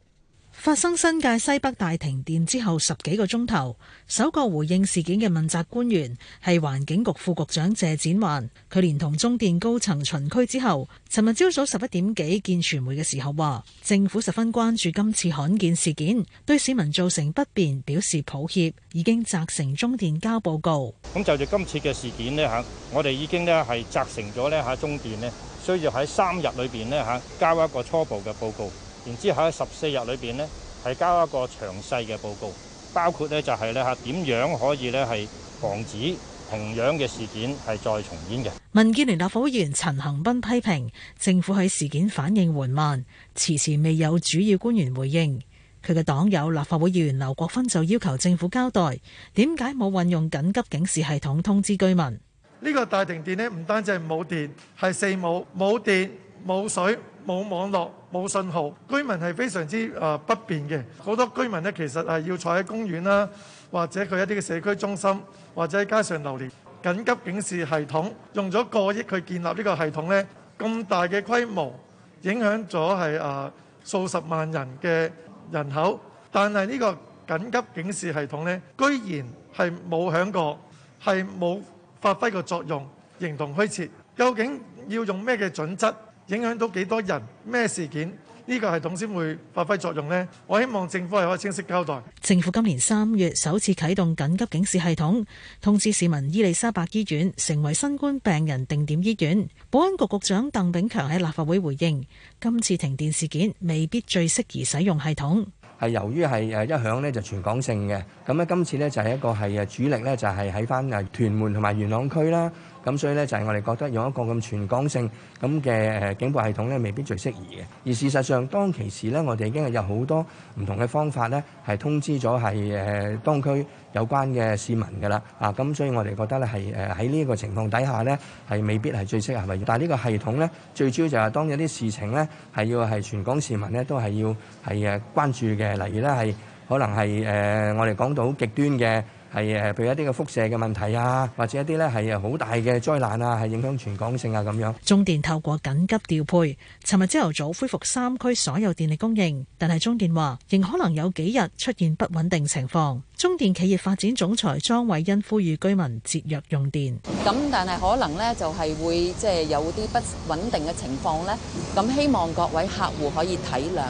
發生新界西北大停電之後十幾個鐘頭，首個回應事件嘅問責官員係環境局副局長謝展寰。佢連同中電高層巡區之後，尋日朝早十一點幾見傳媒嘅時候話，政府十分關注今次罕見事件，對市民造成不便表示抱歉，已經責成中電交報告。咁就住今次嘅事件呢，吓，我哋已經呢係責成咗呢吓中電呢，需要喺三日裏邊呢吓交一個初步嘅報告。然之後喺十四日裏邊呢，係交一個詳細嘅報告，包括呢就係咧嚇點樣可以呢，係防止同樣嘅事件係再重演嘅。民建聯立法會議員陳恒斌批評政府喺事件反應緩慢，遲遲未有主要官員回應。佢嘅黨友立法會議員劉國勳就要求政府交代點解冇運用緊急警示系統通知居民。呢個大停電呢，唔單止係冇電，係四冇冇電、冇水、冇網絡。冇信號，居民係非常之誒不便嘅。好多居民呢，其實係要坐喺公園啦，或者佢一啲嘅社區中心，或者喺街上流連。緊急警示系統，用咗個億去建立呢個系統呢，咁大嘅規模，影響咗係誒數十萬人嘅人口。但係呢個緊急警示系統呢，居然係冇響過，係冇發揮個作用，形同虛設。究竟要用咩嘅準則？影響到幾多人？咩事件呢個系統先會發揮作用呢？我希望政府係可以清晰交代。政府今年三月首次啟動緊急警示系統，通知市民伊麗莎白醫院成為新冠病人定點醫院。保安局局長鄧炳強喺立法會回應，今次停電事件未必最適宜使用系統。係由於係誒一向咧就全港性嘅，咁咧今次呢，就係一個係誒主力呢就係喺返誒屯門同埋元朗區啦。咁所以咧就係我哋覺得用一個咁全港性咁嘅誒警報系統咧，未必最適宜嘅。而事實上，當其時咧，我哋已經係有好多唔同嘅方法咧，係通知咗係誒當區有關嘅市民噶啦。啊，咁所以我哋覺得咧係誒喺呢一個情況底下咧，係未必係最適合嘅。但係呢個系統咧，最主要就係當有啲事情咧，係要係全港市民咧都係要係誒關注嘅。例如咧係可能係誒我哋講到極端嘅。係誒，譬如一啲嘅輻射嘅問題啊，或者一啲咧係好大嘅災難啊，係影響全港性啊咁樣。中電透過緊急調配，尋日朝頭早恢復三區所有電力供應，但係中電話仍可能有幾日出現不穩定情況。中電企業發展總裁莊偉恩呼籲居民節約用電。咁但係可能呢，就係會即係有啲不穩定嘅情況呢。咁希望各位客戶可以體諒。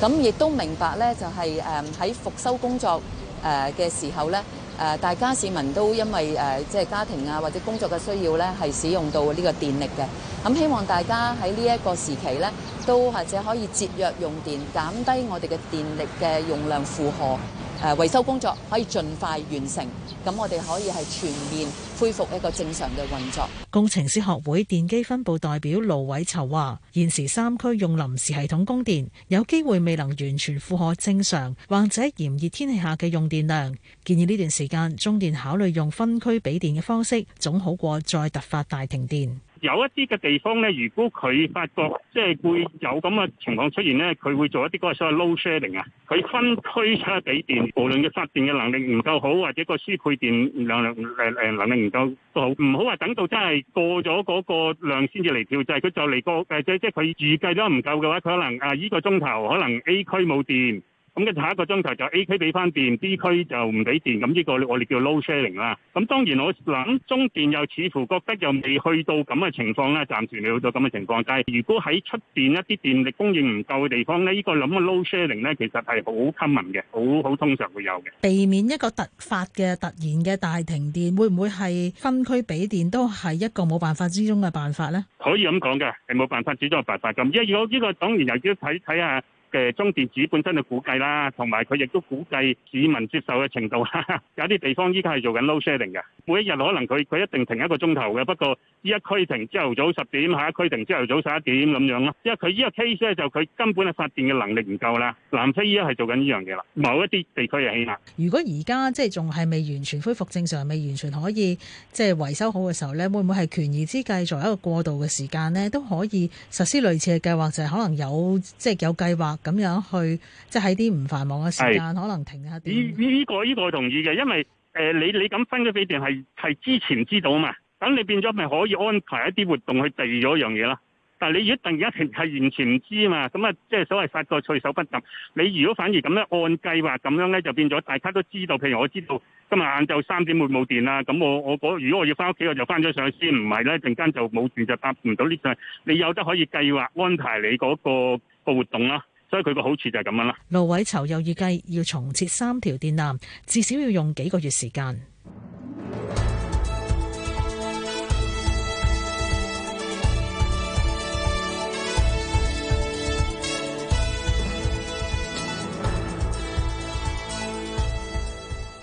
咁亦都明白呢，就係誒喺復修工作誒嘅時候呢。誒，大家市民都因為誒，即係家庭啊，或者工作嘅需要咧，係使用到呢個電力嘅。咁希望大家喺呢一個時期咧，都或者可以節約用電，減低我哋嘅電力嘅用量負荷。誒、啊、維修工作可以盡快完成，咁我哋可以係全面恢復一個正常嘅運作。工程師學會電機分部代表盧偉籌話：現時三區用臨時系統供電，有機會未能完全負荷正常或者炎熱天氣下嘅用電量。建議呢段時間，中電考慮用分區俾電嘅方式，總好過再突發大停電。有一啲嘅地方咧，如果佢發覺即係會有咁嘅情況出現咧，佢會做一啲嗰個所謂 load sharing 啊，佢分區測電，無論佢發電嘅能力唔夠好，或者個輸配電量量誒誒能力唔夠都好，唔好話等到真係過咗嗰個量先至嚟調製，佢就嚟個誒即即係佢預計咗唔夠嘅話，佢可能啊，依個鐘頭可能 A 區冇電。咁嘅下一個鐘頭就 A 區俾翻電，B 區就唔俾電。咁呢個我哋叫 load sharing 啦。咁當然我諗，中電又似乎覺得又未去到咁嘅情況咧，暫時未去到咁嘅情況。但係如果喺出邊一啲電力供應唔夠嘅地方咧，呢個諗嘅 load sharing 咧，其實係好 common 嘅，好好通常會有嘅。避免一個突發嘅突然嘅大停電，會唔會係分區俾電都係一個冇辦法之中嘅辦法咧？可以咁講嘅，係冇辦法之中嘅辦法。咁如果呢個，當然又要睇睇下，看看嘅中電子本身嘅估計啦，同埋佢亦都估計市民接受嘅程度，哈哈，有啲地方依家係做緊 load shedding 嘅，每一日可能佢佢一定停一個鐘頭嘅。不過依一區停朝頭早十點，下一區停朝頭早十一點咁樣咯。因為佢依個 case 咧，就佢根本係發電嘅能力唔夠啦。南非依家係做緊呢樣嘢啦，某一啲地區嘅起碼。如果而家即係仲係未完全恢復正常，未完全可以即係、就係、維修好嘅時候咧，會唔會係權宜之計，作為一個過渡嘅時間咧，都可以實施類似嘅計劃，就係、係、可能有即係、就係有，就係、有計劃。咁樣去，即係喺啲唔繁忙嘅時間，是可能停一下。呢呢、這個呢、這個同意嘅，因為誒、呃、你你咁分咗俾電係係之前知道嘛，咁你變咗咪可以安排一啲活動去備咗樣嘢咯。但係你一定突然停係完全唔知嘛，咁啊即係所謂發覺措手不及。你如果反而咁樣按計劃咁樣咧，就變咗大家都知道。譬如我知道今日晏晝三點會冇電啦，咁我我，我如果我要翻屋企，我就翻咗上去先。唔係咧，陣間就冇電就搭唔到呢上。你有得可以計劃安排你嗰個個活動啦、啊。所以佢個好處就係咁樣啦。盧偉籌又預計要重設三條電纜，至少要用幾個月時間。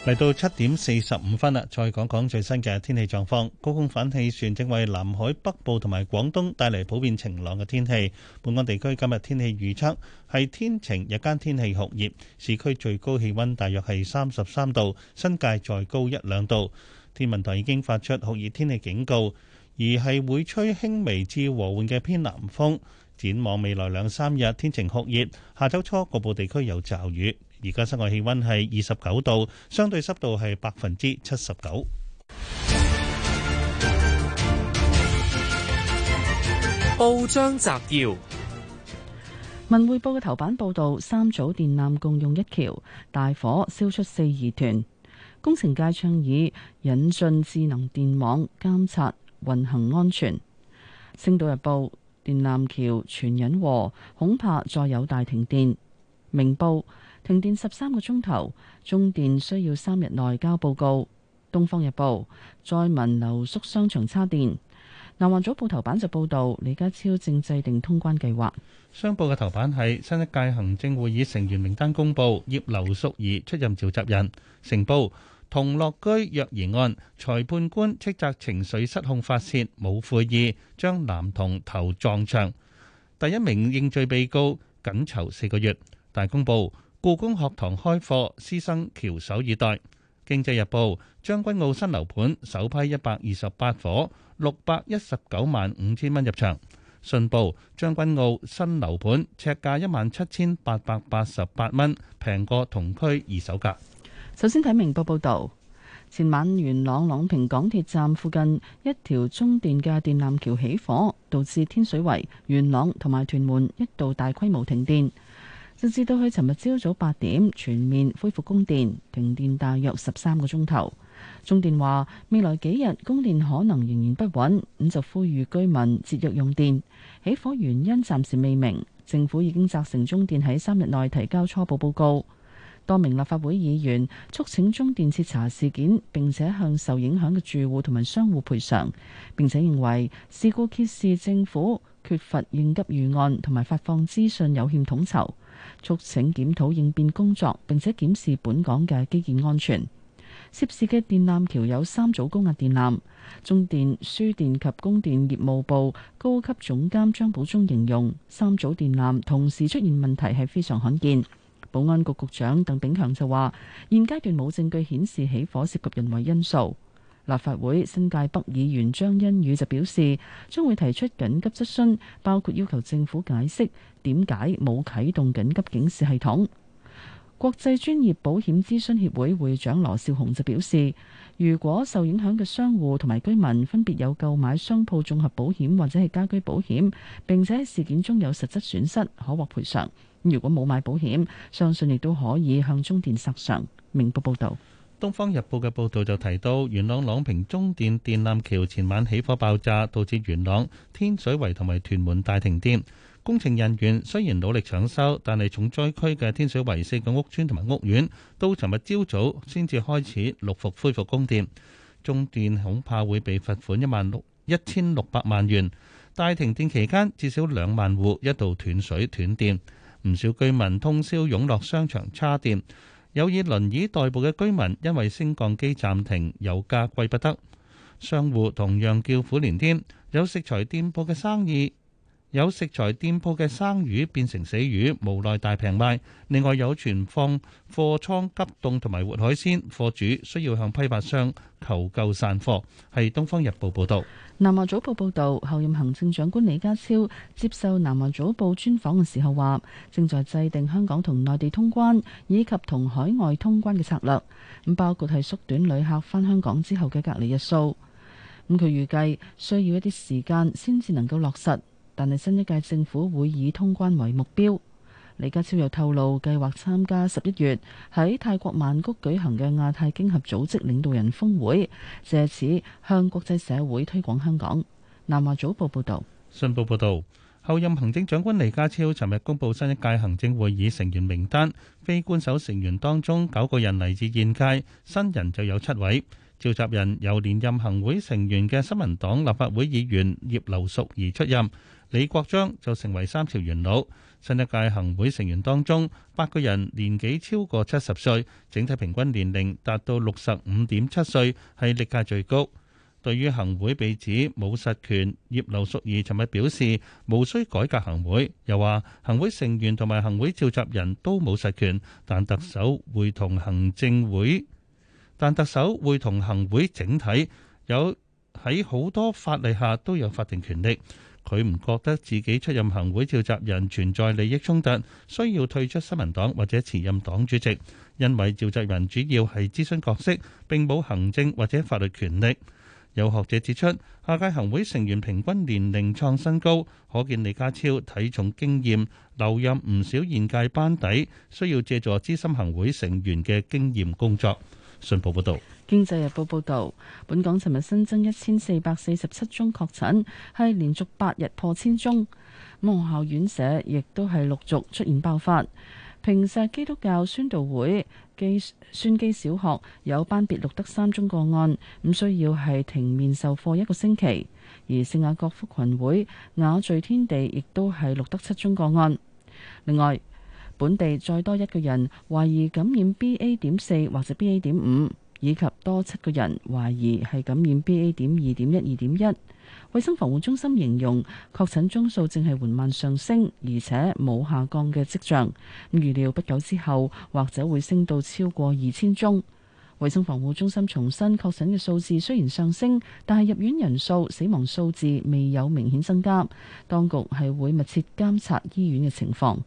嚟到七點四十五分啦，再講講最新嘅天氣狀況。高空反氣旋正為南海北部同埋廣東帶嚟普遍晴朗嘅天氣。本港地區今日天，天氣預測係天晴，日間天氣酷熱，市區最高氣溫大約係三十三度，新界再高一兩度。天文台已經發出酷熱天氣警告，而係會吹輕微至和緩嘅偏南風。展望未來兩三日天晴酷熱，下週初局部地區有驟雨。而家室外氣溫係二十九度，相對濕度係百分之七十九。報章摘要：《文匯報》嘅頭版報道，三組電纜共用一橋，大火燒出四疑團。工程界倡議引進智能電網監，監察運行安全。《星島日報》：電纜橋全隱禍，恐怕再有大停電。《明報》。停電十三個鐘頭，中電需要三日內交報告。東方日報，災民留宿商場叉電。南華早報，頭版就報道李家超正制定通關計劃。商報嘅頭版係新一屆行政會議成員名單公布，葉劉淑儀出任召集人。成報，同樂居虐兒案裁判官斥責情緒失控發洩，冇悔意，將男童頭撞牆。第一名認罪被告僅囚四個月，大公報。故宮學堂開課，師生翹首以待。《經濟日報》將軍澳新樓盤首批一百二十八伙，六百一十九萬五千蚊入場。信報將軍澳新樓盤尺價一萬七千八百八十八蚊，平過同區二手價。首先睇明報報道，前晚元朗朗屏港鐵站附近一條中電嘅電纜橋起火，導致天水圍、元朗同埋屯門一度大規模停電。直至到佢尋日朝早八點全面恢復供電，停電大約十三個鐘頭。中電話未來幾日供電可能仍然不穩，咁就呼籲居民節約用電。起火原因暫時未明，政府已經責成中電喺三日內提交初步報告。多名立法會議員促請中電徹查事件，並且向受影響嘅住戶同埋商戶賠償。並且認為事故揭示政府缺乏應急預案，同埋發放資訊有欠統籌。促請檢討應變工作，並且檢視本港嘅基建安全。涉事嘅電纜橋有三組高壓電纜，中電輸電及供電業務部高級總監張寶忠形容三組電纜同時出現問題係非常罕見。保安局局長鄧炳強就話：現階段冇證據顯示起火涉及人為因素。立法會新界北議員張欣宇就表示，將會提出緊急質詢，包括要求政府解釋點解冇啟動緊急警示系統。國際專業保險諮詢協會會長羅少雄就表示，如果受影響嘅商戶同埋居民分別有購買商鋪綜合保險或者係家居保險，並且事件中有實質損失，可獲賠償。如果冇買保險，相信亦都可以向中電索償。明報報道。《東方日報》嘅報道就提到，元朗朗屏中電電纜橋前晚起火爆炸，導致元朗天水圍同埋屯門大停電。工程人員雖然努力搶修，但係重災區嘅天水圍四個屋村同埋屋苑，到尋日朝早先至開始陸續恢復供電。中電恐怕會被罰款一萬六一千六百萬元。大停電期間，至少兩萬戶一度斷水斷電，唔少居民通宵湧落商場叉電。有以輪椅代步嘅居民，因為升降機暫停，有家歸不得；商戶同樣叫苦連天，有食材店鋪嘅生意。有食材店鋪嘅生魚變成死魚，無奈大平賣。另外有存放貨倉急凍同埋活海鮮，貨主需要向批發商求救散貨。係《東方日報》報道，《南華早報》報道，候任行政長官李家超接受《南華早報》專訪嘅時候話，正在制定香港同內地通關以及同海外通關嘅策略，咁包括係縮短旅客翻香港之後嘅隔離日數。咁佢預計需要一啲時間先至能夠落實。但係新一屆政府會以通關為目標。李家超又透露，計劃參加十一月喺泰國曼谷舉行嘅亞太經合組織領導人峯會，藉此向國際社會推廣香港。南華早報報導，信報報導，候任行政長官李家超尋日公布新一屆行政會議成員名單，非官守成員當中九個人嚟自現屆，新人就有七位。召集人由連任行會成員嘅新民黨立法會議員葉劉淑儀出任。李國章就成為三朝元老，新一屆行會成員當中八個人年紀超過七十歲，整體平均年齡達到六十五點七歲，係歷屆最高。對於行會被指冇實權，葉劉淑儀尋日表示，無需改革行會，又話行會成員同埋行會召集人都冇實權，但特首會同行政會，但特首會同行會整體有喺好多法例下都有法定權力。佢唔覺得自己出任行會召集人存在利益衝突，需要退出新民黨或者辭任黨主席，因為召集人主要係諮詢角色，並冇行政或者法律權力。有學者指出，下屆行會成員平均年齡創新高，可見李家超睇重經驗，留任唔少現屆班底，需要借助資深行會成員嘅經驗工作。信報報道。經濟日報報道，本港尋日新增一千四百四十七宗確診，係連續八日破千宗。咁學校院舍亦都係陸續出現爆發。平石基督教宣道會基宣基小學有班別錄得三宗個案，咁需要係停面授課一個星期。而聖雅各福群會雅聚天地亦都係錄得七宗個案。另外，本地再多一個人懷疑感染 B A. 點四或者 B A. 點五。以及多七個人懷疑係感染 BA. 點二點一二點一。衛生防護中心形容確診宗數正係緩慢上升，而且冇下降嘅跡象。預料不久之後或者會升到超過二千宗。衛生防護中心重申，確診嘅數字雖然上升，但係入院人數、死亡數字未有明顯增加。當局係會密切監察醫院嘅情況。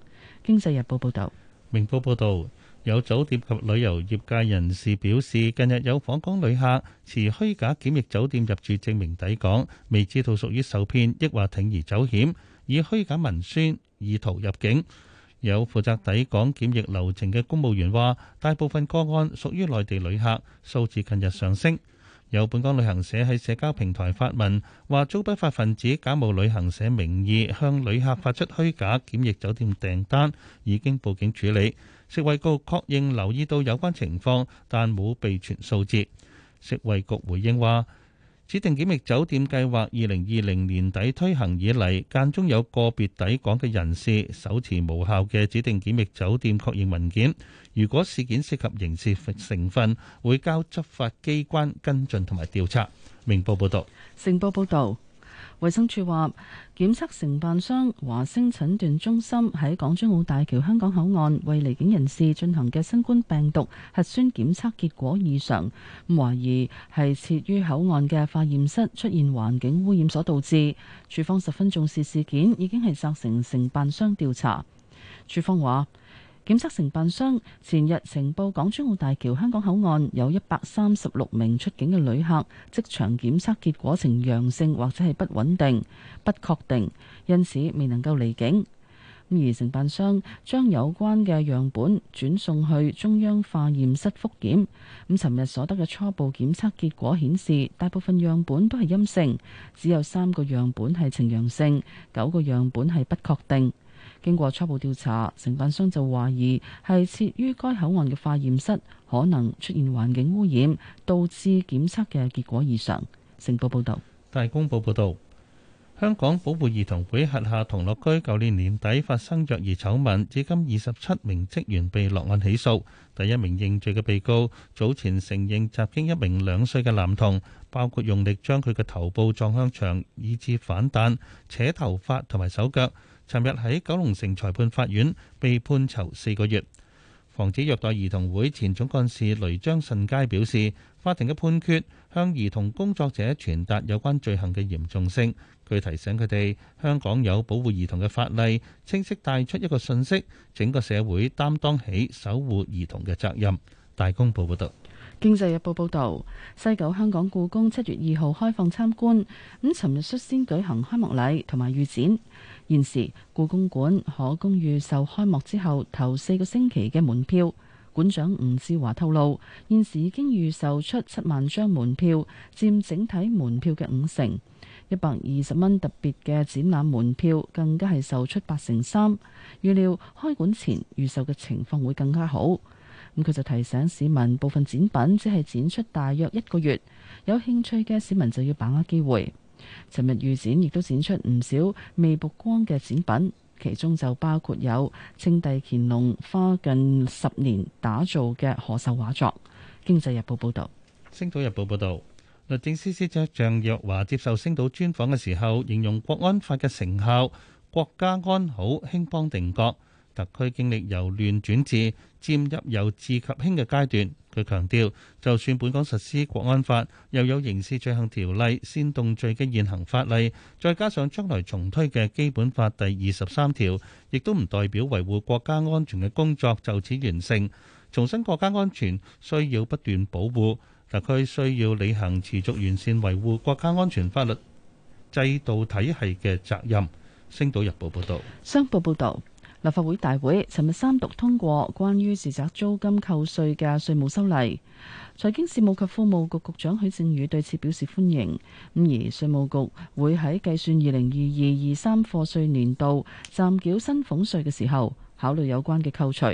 經濟日報報道。明報報導。有酒店及旅遊業界人士表示，近日有訪港旅客持虛假檢疫酒店入住證明抵港，未知道屬於受騙，抑或鋌而走險，以虛假文宣，意圖入境。有負責抵港檢疫流程嘅公務員話，大部分個案屬於內地旅客，數字近日上升。有本港旅行社喺社交平台發文話，遭不法分子假冒旅行社名義向旅客發出虛假檢疫酒店訂單，已經報警處理。食衛局確認留意到有關情況，但冇備存數字。食衛局回應話，指定檢疫酒店計劃二零二零年底推行以嚟，間中有個別抵港嘅人士手持無效嘅指定檢疫酒店確認文件。如果事件涉及刑事成分，會交執法機關跟進同埋調查。明報報道，星報報道。衛生署話，檢測承辦商華星診斷中心喺港珠澳大橋香港口岸為離境人士進行嘅新冠病毒核酸檢測結果異常，咁懷疑係設於口岸嘅化驗室出現環境污染所導致。署方十分重視事件，已經係責成承辦商調查。署方話。檢測承辦商前日呈報港珠澳大橋香港口岸有一百三十六名出境嘅旅客，即場檢測結果呈陽性或者係不穩定、不確定，因此未能夠離境。而承辦商將有關嘅樣本轉送去中央化驗室覆檢。咁尋日所得嘅初步檢測結果顯示，大部分樣本都係陰性，只有三個樣本係呈陽性，九個樣本係不確定。經過初步調查，承辦商就懷疑係設於該口岸嘅化驗室可能出現環境污染，導致檢測嘅結果異常。成報報道：「大公報報道，香港保護兒童會轄下童樂居，舊年年底發生虐兒醜聞，至今二十七名職員被落案起訴。第一名認罪嘅被告早前承認襲擊一名兩歲嘅男童，包括用力將佢嘅頭部撞向牆，以致反彈，扯頭髮同埋手腳。尋日喺九龍城裁判法院被判囚四個月。防止虐待兒童會前總幹事雷張信佳表示，法庭嘅判決向兒童工作者傳達有關罪行嘅嚴重性。佢提醒佢哋，香港有保護兒童嘅法例，清晰帶出一個信息：整個社會擔當起守護兒童嘅責任。大公報報道，《經濟日報》報道，西九香港故宮七月二號開放參觀。咁，尋日率先舉行開幕禮同埋預展。現時故宮館可供預售開幕之後頭四個星期嘅門票，館長吳志華透露，現時已經預售出七萬張門票，佔整體門票嘅五成。一百二十蚊特別嘅展覽門票更加係售出八成三。預料開館前預售嘅情況會更加好。咁佢就提醒市民，部分展品只係展出大約一個月，有興趣嘅市民就要把握機會。尋日預展亦都展出唔少未曝光嘅展品，其中就包括有清帝乾隆花近十年打造嘅賀壽畫作。經濟日報報導，星島日報報導，律政司司長鄭若驊接受星島專訪嘅時候，形容國安法嘅成效，國家安好，興邦定國，特區經歷由亂轉治。佔入有至及輕嘅階段，佢強調，就算本港實施國安法，又有刑事罪行條例、煽動罪嘅現行法例，再加上將來重推嘅基本法第二十三條，亦都唔代表維護國家安全嘅工作就此完成。重申國家安全需要不斷保護，特區需要履行持續完善維護國家安全法律制度體系嘅責任。星島日報報導，商報報導。立法會大會尋日三讀通過關於住宅租金扣稅嘅稅務修例，財經事務及庫務局局局長許正宇對此表示歡迎。咁而稅務局會喺計算二零二二二三課稅年度暫繳薪俸稅嘅時候，考慮有關嘅扣除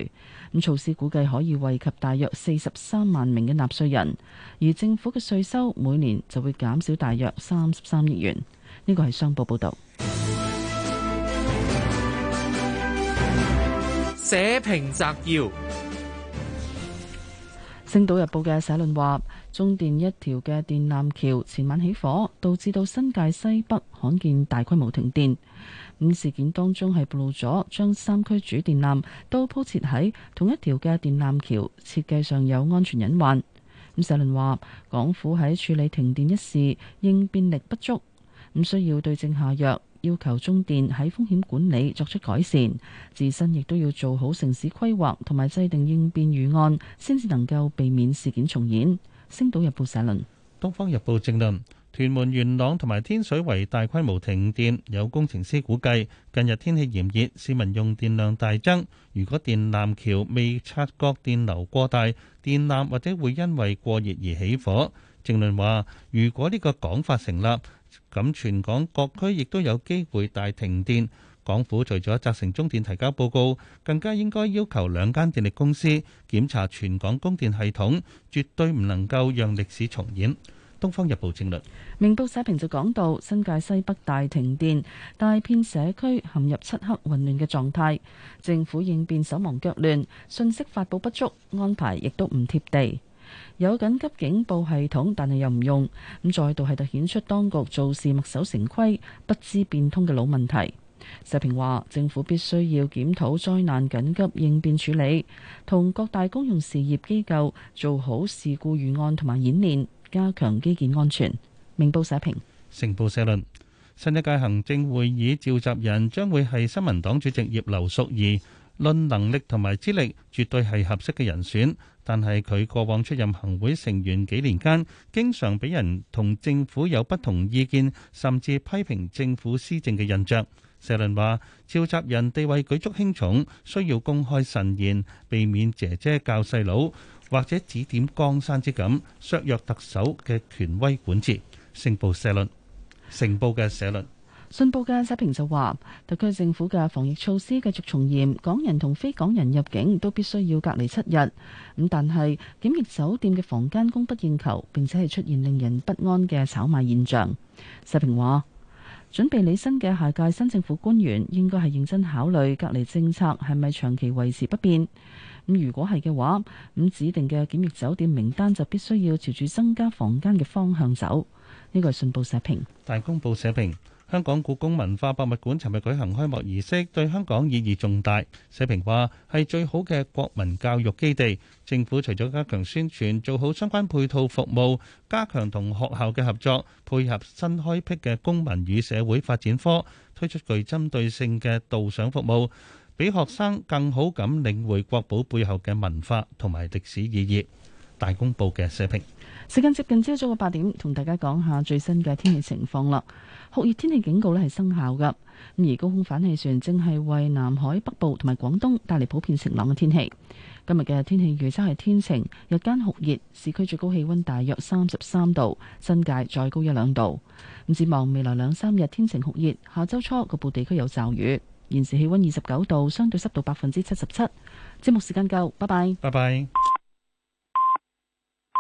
咁措施，估計可以惠及大約四十三萬名嘅納稅人，而政府嘅稅收每年就會減少大約三十三億元。呢個係商報報道。社評摘要，《星島日報》嘅社論話，中電一條嘅電纜橋前晚起火，導致到新界西北罕見大規模停電。咁事件當中係暴露咗將三區主電纜都鋪設喺同一條嘅電纜橋，設計上有安全隱患。咁社論話，港府喺處理停電一事應變力不足，咁需要對症下藥。要求中電喺風險管理作出改善，自身亦都要做好城市規劃同埋制定應變預案，先至能夠避免事件重演。星島日報社論，東方日報正論：屯門元朗同埋天水圍大規模停電，有工程師估計，近日天氣炎熱，市民用電量大增。如果電纜橋未察覺電流過大，電纜或者會因為過熱而起火。正論話：如果呢個講法成立。咁全港各區亦都有機會大停電，港府除咗責成中電提交報告，更加應該要求兩間電力公司檢查全港供電系統，絕對唔能夠讓歷史重演。《東方日報》正論，明報社評就講到新界西北大停電，大片社區陷入漆黑混亂嘅狀態，政府應變手忙腳亂，信息發佈不足，安排亦都唔貼地。有緊急警報系統，但係又唔用咁，再度係突顯出當局做事墨守成規、不知變通嘅老問題。社評話，政府必須要檢討災難緊急應變處理，同各大公用事業機構做好事故預案同埋演練，加強基建安全。明報社評，成報社論，新一屆行政會議召集人將會係新聞黨主席葉劉淑儀，論能力同埋資歷，絕對係合適嘅人選。但係佢過往出任行會成員幾年間，經常俾人同政府有不同意見，甚至批評政府施政嘅印象。社論話召集人地位舉足輕重，需要公開慎言，避免姐姐教細佬或者指點江山之感，削弱特首嘅權威管治。成報社論，成報嘅社論。信報嘅社評就話，特區政府嘅防疫措施繼續從嚴，港人同非港人入境都必須要隔離七日。咁但係檢疫酒店嘅房間供不應求，並且係出現令人不安嘅炒賣現象。社評話，準備履新嘅下屆新政府官員應該係認真考慮隔離政策係咪長期維持不變。咁如果係嘅話，咁指定嘅檢疫酒店名單就必須要朝住增加房間嘅方向走。呢、這個係信報社評，大公報社評。香港故宮文化博物館尋日舉行開幕儀式，對香港意義重大。社評話係最好嘅國民教育基地。政府除咗加強宣傳，做好相關配套服務，加強同學校嘅合作，配合新開闢嘅公民與社會發展科，推出具針對性嘅導賞服務，俾學生更好咁領會國寶背後嘅文化同埋歷史意義。大公報嘅社評。時間接近朝早嘅八點，同大家講下最新嘅天氣情況啦。酷熱天氣警告咧係生效嘅，而高空反氣旋正係為南海北部同埋廣東帶嚟普遍晴朗嘅天氣。今日嘅天氣預測係天晴，日間酷熱，市區最高氣溫大約三十三度，新界再高一兩度。咁展望未來兩三日天晴酷熱，下周初局部地區有驟雨。現時氣溫二十九度，相對濕度百分之七十七。節目時間夠，拜拜。拜拜。